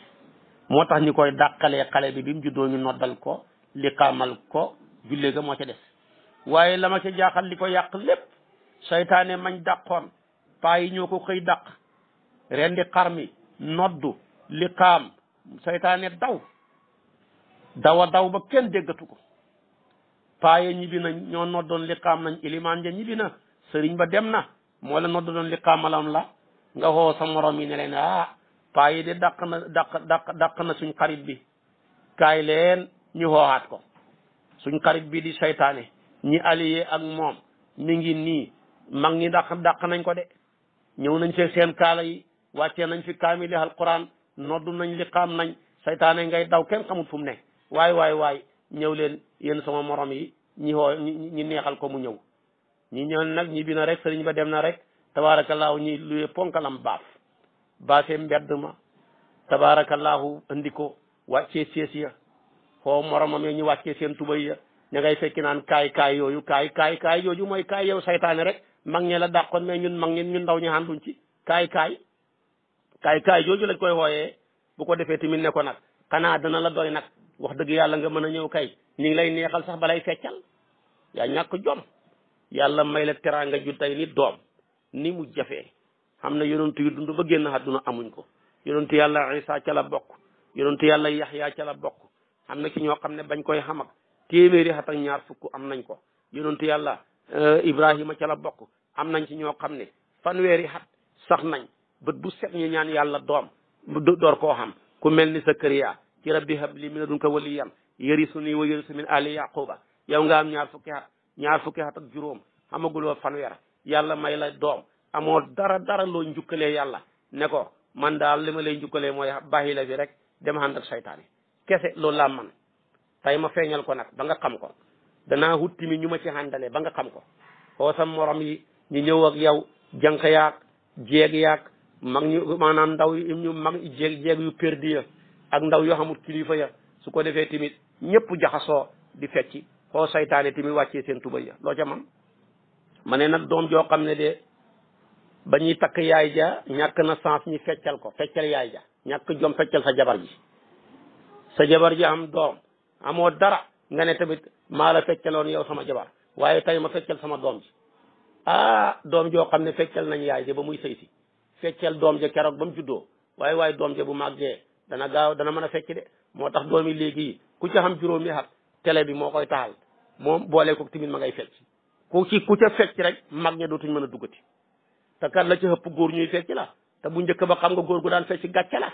moo tax ñu koy dàqalee xale bi bi mu juddoo ñu noddal ko liqaamal ko jullee ga moo ci des waaye la ma jaaxal li ko yàq lépp saytaane mañ dàqoon paa yi ñoo ko koy dàq rendi xar mi noddu li seytaane daw dawa daw ba kenn déggatu ko paa ñibi na nañ ñoo noddoon li xaam nañ ilimaan ja ñibbi na sëriñ ba dem na moo la noddu doon li xaamalam la nga xoo sa morom yi ne leen ah paa yi de na dàq na suñ xarit bi kaay leen ñu xooxaat ko suñ xarit bi di seytaane ñi allié ak moom mi ngi nii mag ñi dàq nañ ko de ñëw nañ fee seen kaala yi wàccee nañ fi kaamili alquran noddu nañ li qaam nañ saytaane ngay daw kenn xamul fu mu ne waay waay waay ñëw leen yéen sama moroom yi ñi neexal ko mu ñëw ñi ñëw nag ñi bi na rek sëriñ ba dem na rek tabaarakallaahu ñi luye ponkalam baaf baasee mbedd ma tabaarakallaahu andi ko wàccee sées ya xoo moromam ya ñu wàccee seen tubay ya ña ngay fekki naan kaay kaay yooyu kaay kaay kaay yooyu mooy kaay yow saytaane rek mag ñe la dàqoon mais ñun mag ñi ñun ndaw ñi ànduñ ci kaay kaay kaay kaay jooju lañ koy wooyee bu ko defee tamit ne ko nag xanaa dana la doy nag wax dëgg yàlla nga mën a ñëw kay ñu ngi lay neexal sax balay feccal yaa ñàkk jom yàlla may la teraanga ju tey ni doom ni mu jafee xam na yonent yu dund ba génn àdduna amuñ ko yonent yàlla Isa ca la bokk yonent yàlla Yaxya ca la bokk am na ki ñoo xam ne bañ koy xam ak téeméeri ñaar fukk am nañ ko Euh, Ibrahima ca la bokk am nañ ci ñoo xam ne fanweeri xat sax nañ bët bu set ñu ñaan yàlla doom door koo xam ku mel ni Sakariya ci rabbi habli min ladunka waliyan yarisuni wa yarisu min ali yaquba yow nga am ñaar fukki at ñaar fukki at ak juróom amaguloo fanweer yàlla may la doom amoo dara dara loo njukkalee yàlla ne ko man daal li ma lay njukkalee mooy bàyyi la fi rek dem ànd ak saytaan yi kese loolu laa man tey ma feeñal ko nag ba nga xam ko danaa wut tamit ñu ma ci àndale ba nga xam ko koo sa morom yi ñu ñëw ak yow jànq yaak jeeg yaak mag ñu maanaam ndaw ñu mag jeeg jeeg yu perdi ya ak ndaw yoo xamul kilifa ya su ko defee tamit ñëpp jaxasoo di fecci koo saytaane tamit wàccee seen tubay ya loo ca man ma ne nag doom joo xam ne de ba ñuy takk yaay ja ñàkk na sens ñi feccal ko feccal yaay ja ñàkk jom feccal sa jabar ji sa jabar ji am doom amoo dara nga ne tamit maa la feccaloon yow sama jabar waaye tay ma feccal sama doom ji ah doom joo xam ne feccal nañ yaay ja ba muy sëy si feccal doom ja keroog ba mu juddoo waaye waaye doom ja bu màggee dana gaaw dana mën a fecc de moo tax doom yi léegi ku ca xam juróomi at tele bi moo koy taxal moom boole ko tamit ma ngay fecc ku ci ku ca fecc rek mag ña dootuñ mën a duggati te kat la ci ëpp góor ñuy fecc la te bu njëkk ba xam nga góor gu daan fecc gàcce la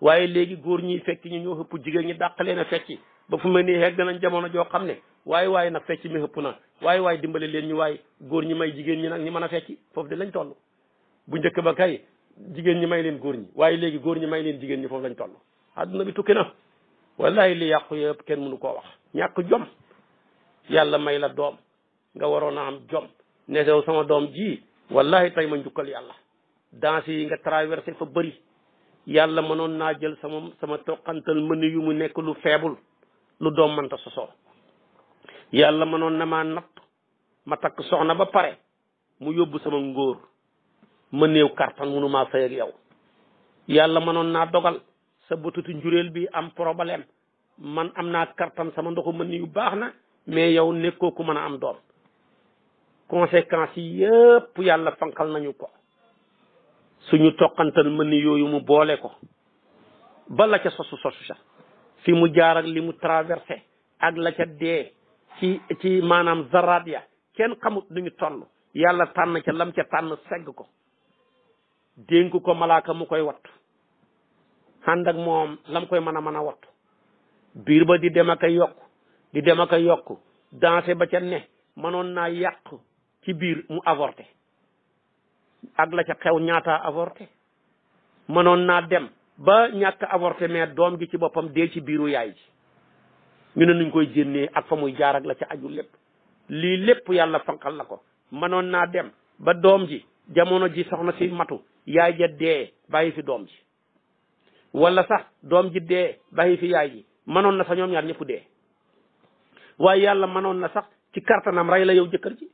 waaye léegi góor ñi fekk ñi ñoo ëpp jigéen ñi dàq leen a fekki ba fu ma nii xeeg danañ jamono joo xam ne waaye waaye nag fekk mi ëpp na waaye waaye dimbale leen ñu waaye góor ñi may jigéen ñi nag ñi mën a fecci foofu de lañ toll bu njëkk ba kay jigéen ñi may leen góor ñi waaye léegi góor ñi may leen jigéen ñi foofu lañ tollu àdduna bi tukki na wallahi li yàqu yëpp kenn mënu koo wax ñàkk jom yàlla may la doom nga waroon a am jom ne sew sama doom ji wallahi tay ma njukkal yàlla danse yi nga traversé fa bëri yàlla mënoon naa jël sama sama toqantal mën yu mu nekk lu feebul lu doom mënta sosoo yàlla mënoon na maa natt ma takk soxna ba pare mu yóbbu sama ngóor ma néew kartan mënumaa fay ak yow yàlla mënoon naa dogal sa bëtutu njureel bi am problème man am naa kartan sama ndoxu mën yu baax na mais yow nekkoo ku mën a am doom conséquences yi yàlla fanqal nañu ko suñu toqantal mën ni yooyu mu boole ko ba la ca sosu sosu sa fi mu jaar ak li mu traversé ak la ca dee ci ci maanaam zaraat ya kenn xamut nu ñu toll yàlla tànn ca lam ca tànn segg ko dénk ko malaaka mu koy wattu ànd moom lam koy mën a mën a wattu biir ba di dem ak a yokk di dem ak a yokk dansé ba ca ne mënoon naa yàq ci biir mu avorté ak la ca xew ñaata avorté mënoon naa dem ba ñàkk avorté mais doom gi ci boppam dee ci biiru yaay ji ñu ne nuñ koy génnee ak fa muy jaar ak la ca aju lépp lii lépp yàlla fanqal la ko mënoon naa dem ba doom ji jamono ji soxna si matu yaay ja dee bàyyi fi doom ji wala sax doom ji dee bàyyi fi yaay ji mënoon na sax ñoom ñaar ñëpp dee waaye yàlla mënoon na sax ci kartanam rey la yow jëkkër ji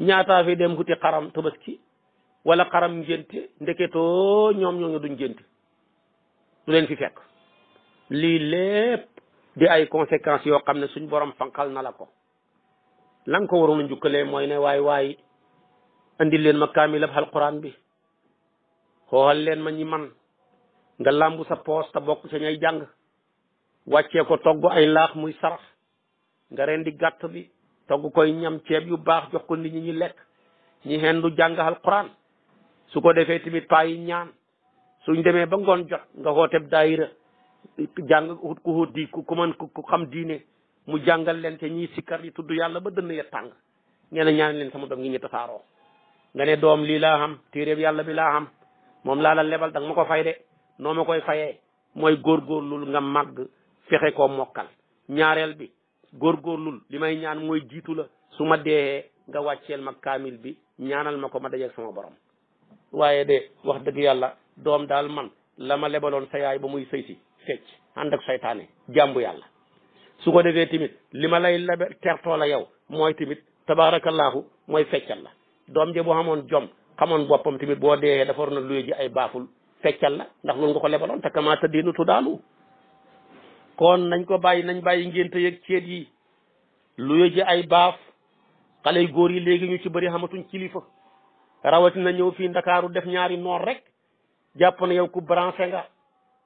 ñaataa fi dem wuti xaram tabaski wala xaram ngénte ndeketoo ñoom ñooñu duñ ngénte du leen fi fekk lii lépp di ay conséquences yoo xam ne suñ borom fanqal na la ko lan ko waroon a njukkalee mooy ne waay waay andil leen ma kaamilab alquran bi xoolal leen ma ñi man nga làmbu sa poos te bokk sa ñay jàng wàccee ko togg ay laax muy sarax nga rendi gàtt bi togg koy ñam ceeb yu baax jox ko nit ñi ñu lekk ñi hendu jàng alquran su ko defee tamit paa yi ñaan suñ demee ba ngoon jot nga xooteb daayira jàng ut ku xóot ku man ku xam diine mu jàngal leen te ñiy sikkar yi tudd yàlla ba dënn ya tàng ngeen a ñaan leen sama doom ngi ñu tasaaroo nga ne doom lii laa xam téeréeb yàlla bi laa xam moom laa la lebal danga ma ko fay de noo ma koy fayee mooy lul nga màgg fexe koo mokkal ñaareel bi góorgóorlul li may ñaan mooy jiitu la su ma dee nga wàcceel ma kaamil bi ñaanal ma ko ma dajeeg sama borom waaye de wax dëgg yàlla doom daal man la ma lebaloon sa yaay ba muy sëy si fecc ànd ak saytaane jàmbu yàlla su ko defee tamit li ma lay lebe tertoo la yow mooy tamit tabaarakallaahu mooy feccal la doom je boo xamoon jom xamoon boppam tamit boo dee dafa war na luye ji ay baaful feccal la ndax loolu nga ko lebaloon te kamaa tëddiinu tudaalu kon nañ ko bàyyi nañ bàyyi ngénte yeeg ceet yi luye ji ay baaf xale yu góor yi léegi ñu ci bari xamatuñ kilifa rawatina ñëw fii ndakaaru def ñaari noor rek jàpp na yow ku branché nga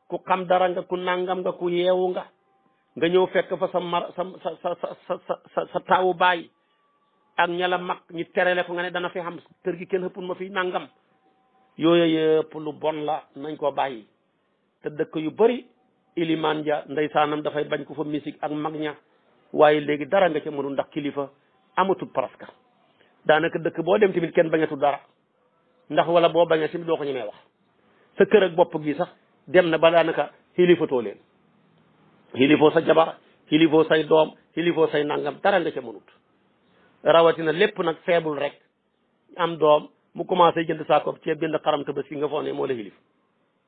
ku xam dara nga ku nangam nga ku yeewu nga nga ñëw fekk fa sa mar sa sa sa sa taawu baay ak ña la mag ñu terele ko nga ne dana fi xam kër gi kenn xëppul ma fi nangam yooyu yëpp lu bon la nañ koo bàyyi te dëkk yu bëri ilimaan ja ndeysaanam dafay bañ ko fa musique ak mag ña waaye léegi dara nga ca mënul ndax kilifa amatul presque daanaka dëkk boo dem tamit kenn bañatul dara ndax wala boo bañee tamit doo ko ñemee wax sa kër ak bopp gi sax dem na ba naka xilifatoo leen xilifoo sa jabar xilifoo say doom xilifoo say nangam dara nga ca mënut rawatina lépp nag feebul rek am doom mu commencé jënd saako ceeb jënd xaram si nga foog moo la xilif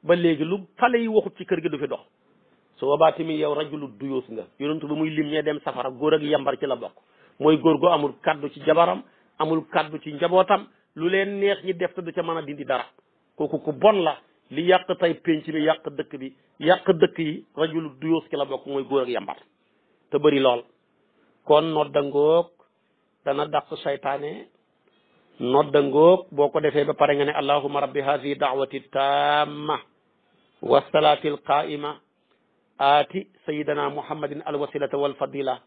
ba léegi lu xale yi waxut ci kër gi du fi dox su boobaa tamit yow rajulu duyuus nga yonentu ba muy lim ñee dem safara góor ak yambar ci la bokk mooy góor goo amul kaddu ci jabaram amul kaddu ci njabootam lu leen neex ñi def te du ca mën a dindi dara kooku ku bon la li yàq tey penc mi yàq dëkk bi yàq dëkk yi rajulu duyoos ki la bokk mooy góor ak yambar te lool kon nodda ngoog dana daq saytaane nodda ngoog boo ko defee ba pare nga ne allahuma rabbi hadihi daawati wa wasalaati alqaima aati sayidana muhammadin alwasilata walfadila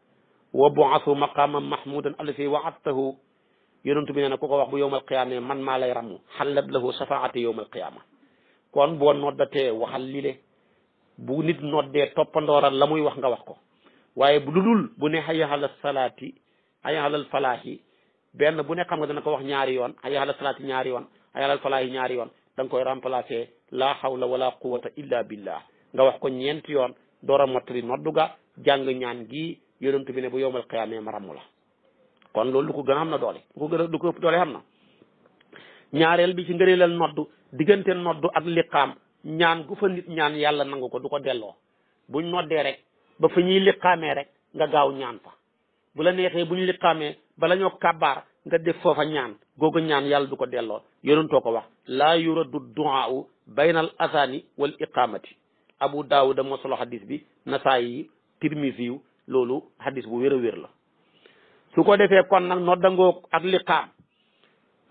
wa buasu maqaman mahmudan allazi waadtahu yonentu bi nee na ku ko wax bu yowmal qiyaama man maa lay ramu xallat lahu safaati yowmal qiyaama kon boo noddatee waxal li le bu nit noddee toppandooral la muy wax nga wax ko waaye bu dul bu ne hayya ala salaati hayya ala falaahi benn bu ne xam dana ko wax ñaari yoon hayya ala salaati ñaari yoon hayya ala falaahi ñaari yoon da koy remplacer laa hawla wala quwata illa billah nga wax ko ñeenti yoon door a mottali noddu ga jàng ñaan gi yonentu bi ne bu yowmal qiyaamee ma ramu la kon loolu lu ko gën a xam na doole lu ko gën a lu ko ëpp doole xam na ñaareel bi ci ngëneelal noddu diggante noddu ak liqaam ñaan gu fa nit ñaan yàlla nangu ko du ko delloo buñ noddee rek ba fa ñuy liqaamee rek nga gaaw ñaan fa bu la neexee bu ñu liqaamee bala ñoo kàbbaar nga def foofa ñaan googu ñaan yàlla du ko delloo yonentoo ko wax laa yuraddu duaau bayna al asaani wal iqaamati abu daawuda moo solo hadis bi nasaayi tirmisi yu loolu hadis bu wér wéer wér la su ko defee kon nag noddangoo ak liqaam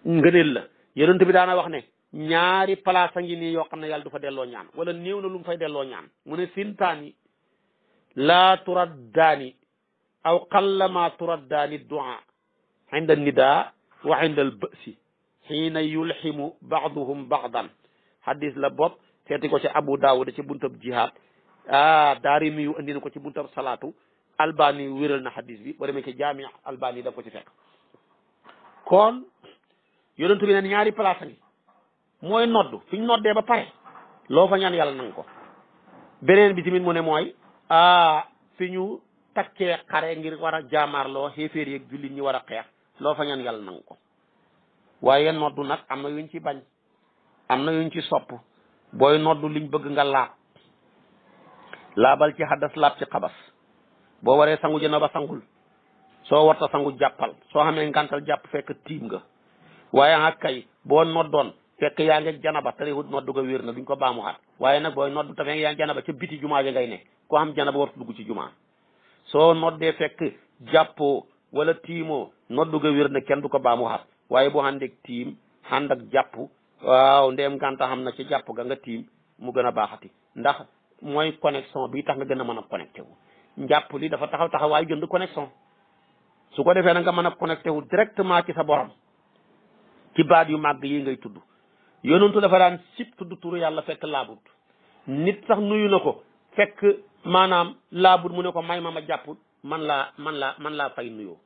ngëneel la yonent bi daana wax ne ñaari place a ngi ni yoo xam ne yàlla du fa delloo ñaan wala néew na lu mu fay delloo ñaan mu ne sintaani laa turaddaani aw qallama turaddaani du'a inda nidaa wa inda al ba'si xiina yulximu baaduhum baadan hadis la bopp seeti ko ci Abu Daawud ci buntab jihaad ah daari miyu andi ko ci buntab salaatu albani wéral na xadis bi ba demee ci jaami albani da ko ci fekk kon yonentu bi ne ñaari place ngi mooy nodd fi ñu noddee ba pare loo fa ñaan yàlla nanga ko beneen bi tamit mu ne mooy ah fi ñu takkee xare ngir war a jaamaarloo xéeféer yeeg jullit ñi war a xeex loo fa ñaan yàlla nanga ko waaye noddu nag am na yuñ ci bañ am na yuñ ci sopp booy noddu liñ bëgg nga laab laabal ci xadas laab ci xabas boo waree sangu jana ba sangul soo warta sangu jàppal soo xamee ngantal jàpp fekk tiim nga waaye nga kay boo noddoon fekk yaa ngi janaba terewut noddu ga wér na duñ ko baamuwaat waaye nag booy noddu tafee yaa ngi janaba ca biti jumaa ja ngay ne koo xam janaba wartu dugg ci jumaa soo fekk jàppoo wala tiimoo noddu ga wér na kenn du ko baamuwaat waaye boo àndeeg tiim ànd ak jàpp waaw ndeem ngànta xam na ci jàpp ga nga tiim mu gën a baaxati ndax mooy connexion bii tax nga gën a mën a connecté wu njàpp li dafa taxaw taxawaay jënd connexion su ko defee na nga mën a connecté wu directement ci sa borom ci baat yu màgg yi ngay tudd yonentu dafa daan sib tudd turu yàlla fekk laabut nit sax nuyu na ko fekk maanaam laabut mu ne ko may ma ma jàpp man laa man laa man laa fay nuyoo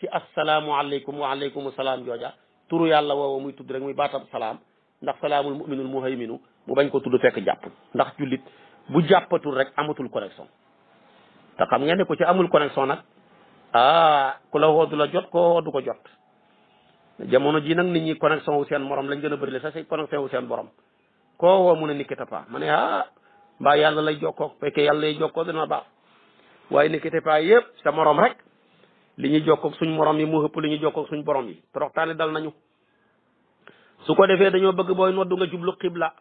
ci asalaamualeykum wa aleykum salaam jooja turu yàlla woowa muy tudd rek muy baatam salaam ndax salaamul muminul muhayminu mu bañ ko tudd fekk jàpp ndax jullit bu jàppatul rek amatul connexion te xam ngeen ne ku ci amul connexion nag ah ku la woo du la jot ko woo du ko jot jamono ji nag nit ñi connexion wu seen morom lañ gën a bëri sa si connexion wu seen borom koo woo mu a Nikita Pas ma ne ah mbaa yàlla lay jokkoo yàlla lay jokkoo dina baax waaye Nikita Pas yëpp sa morom rek li ñuy jokkoog suñ morom yi mu ëpp li ñuy jokkoog suñ borom yi toroxtaane dal nañu su ko defee dañoo bëgg booy noddu nga jublu xibla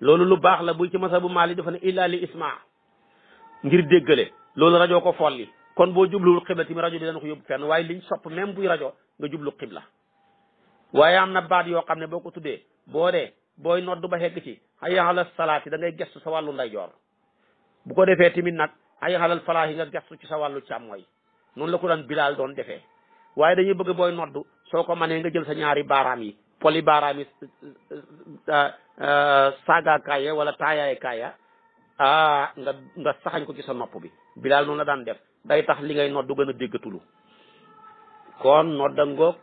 loolu lu baax la buy ci masa bu maali dafa ne illa isma ngir déggale loolu rajo ko folli kon boo jubluwul xibla tamit rajo bi dana ko yóbbu fenn waaye liñ sopp même buy rajo nga jublu xibla waaye am na baat yoo xam ne boo ko tuddee boo dee booy noddu ba xegg ci hayya alal salaati da ngay gestu sa wàllu ndeyjoor bu ko defee tamit nag hayya alal falaahi nga gestu ci sa wàllu càmmooy noonu la ko daan bilaal doon defee waaye dañuy bëgg booy noddu soo ko manee nga jël sa ñaari baaraam yi poli baaraam yi ah, ah, wala taayaay ah nga nga saxañ ko ci sa nopp bi bilaal noonu la daan def day tax li ngay noddu gën a déggatulu kon nodda ngoog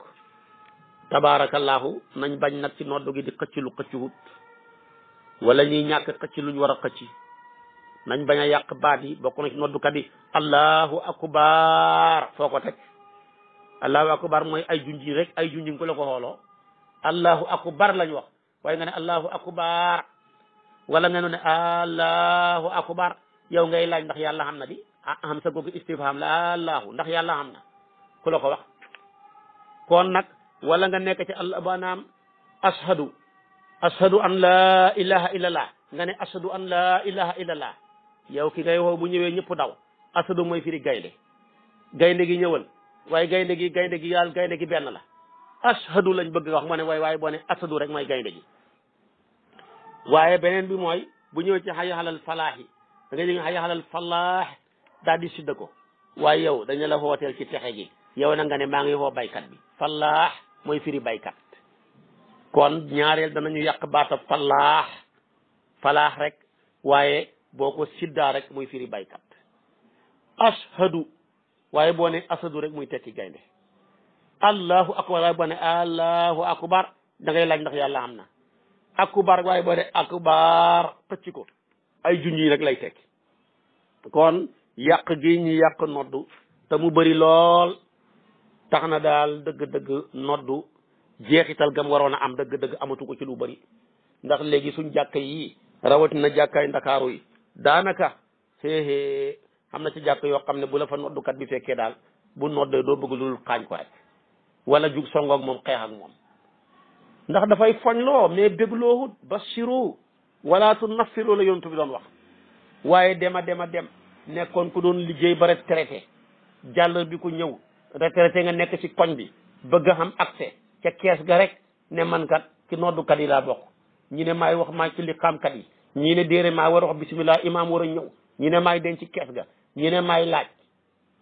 tabaarakallaahu nañ bañ nag ci noddu gi di xëcc lu xëccuwut wala ñuy ñàkk xëcc luñ war a xëcc nañ bañ a yàq baat yi bokk na ci noddukat yi allahu akbar foo ko teg allahu akbar mooy ay junji rek ay junji nga ko la ko xooloo allahu akbar lañ wax waaye nga ne allahu akbar wala nga ne allahu akbar yow ngay laaj ndax yàlla xam na di ah, xam sa googu istifham la allahu ndax yàlla xam na ku la ko wax kon nag wala nga nekk ci al banaam ashadu ashadu an laa ilaha illallah nga ne ashadu an laa ilaha illallah yow ki ngay woo bu ñëwee ñëpp daw ashadu mooy firi gaynde gaynde gi ñëwal waaye gaynde gi gaynde gi yàlla gaynde gi benn la ashadu lañ bëgg wax moo ne waay waaye boo ashadu rek mooy gaynde gi waaye beneen bi mooy bu ñëwee ci xaya xalal falaax yi falaax daal di sidda ko waaye yow dañu la hooteel ci texe gi yow na nga ne maa ngi woo baykat bi falaax mooy firi baykat kon ñaareel danañu yàq baata falaax falaax rek waaye boo ko siddaa rek muy firi baykat ashadu waaye boo ne asadu rek muy tekki gaynde allahu akbar waaye boo ne allahu akbar da ngay laaj yàlla am na ak akubar waaye boo dee akubar pëcc ko ay junj yi rek lay tekki kon yàq gi ñu yàq noddu te mu bëri lool tax na daal dëgg-dëgg noddu jeexital gam waroon a am dëgg-dëgg amatu ko ci lu bari ndax léegi suñ jàkk yi rawatina jàkkaay ndakaaru yi daanaka xéexée am na ci jàkk yoo xam ne bu la fa noddukat bi fekkee daal bu noddee doo bëgg lu xaañ ko rek wala jug songoog moom xeex moom ndax dafay loo foñloo mais bégloowut basiru wala tu naffiru la yontu bi doon wax waaye dema dema dem nekkoon ku doon liggéey ba rek retraité jàll bi ko ñëw retraité nga nekk ci koñ bi bëgg a xam accès ca kees ga rek ne man kat ci noddukat yi laa bokk ñi ne maay wax maa ci li xaamkat yi ñi ne déere maa war a wax bisimilah imaam war a ñëw ñi ne maay denc ci kees ga ñi ne maay laaj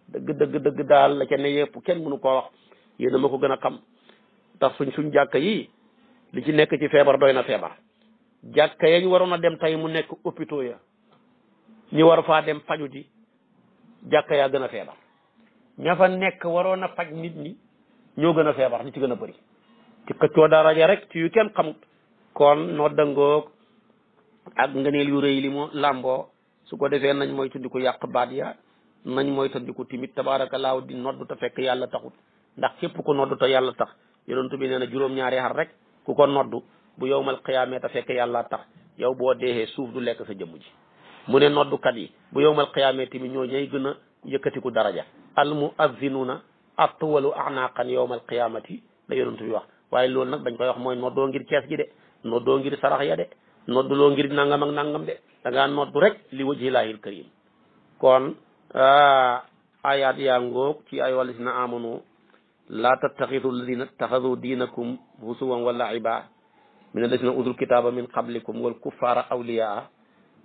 dëgg dëgg dëgg daal la ca ne yëpp kenn mënu koo wax yéen a ma ko gën a xam tax suñ suñ yi li ci nekk ci feebar doy na feebar jàkka ya ñu waroon a dem tey mu nekk hôpitaux ya ñu war faa dem faju ji jàkka yaa gën a feebar ña fa nekk waroon a faj nit ñi ñoo gën a feebar ñi ci gën a bëri ci xëccoo daraja rek ci yu kenn xamut kon noddangoog ak ngëneel yu rëy li mu làmboo su ko defee nañ mooy tëddi ko yàq baat ya nañ mooy tëddi ko timit tabaarakallaahu di noddu te fekk yàlla taxut ndax képp ko noddu te yàlla tax yonent bi nee na juróom-ñaari rek ku ko noddu bu yowmal qiyaamee te fekk yàlla tax yow boo deexee suuf du lekk sa jëmm ji mu ne noddukat yi bu yowmal qiyaamee tamit ñoo ñay gën a yëkkatiku na al muazzinuuna atwalu anaqan yowmal qiyaamati la yonent bi wax waaye loolu nag dañ koy wax mooy noddoo ngir kees gi de noddoo ngir sarax ya de nodduloo ngir nangam ak nangam de da ngaa noddu rek li wajhillaahil karim kon ayaat yaa ngoog ci ay wàllu si na amanu laa tattaxidu alladina taxadu diinakum husuwan wa laiba min alladina utul kitaaba min qablikum wal kuffaara awliyaa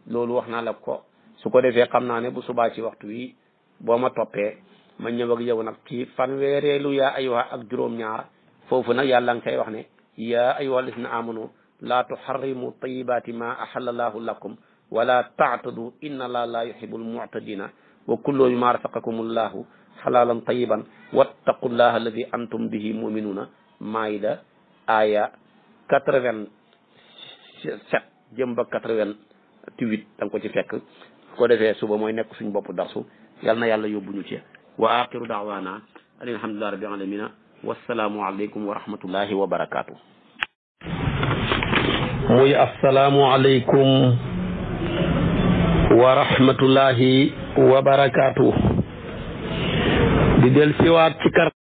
loolu wax naa la ko su ko defee xam naa ne bu subaa ci waxtu wi boo ma toppee ma ñëw ak yow nag ci fanweereelu yaa ayyuha ak juróom-ñaar foofu nag yàlla nga koy wax ne yaa ayyuha alladina amanu laa tuxarrimu tayibaati ma axalla llahu lakum wala taatadu inna allah laa yuhibu almuctadina wa kullu ma razaqakum allahu xalaalan tayiban wattaqullaha alladi antum bihi muminuuna maayda aaya quatre vingt sept jëm ba quatre vingt huit da nga ko ci fekk ko defee suba mooy nekk suñ bopp darsu yal na yàlla yóbbuñu ci wa axiru daawaana ani alhamdulilah rabbil alamina wasalaamu aleykum wa rahmatullahi wa barakaatu muy asalaamu aleykum wa rahmatullahi wa barakaatu di del siwaat ci kar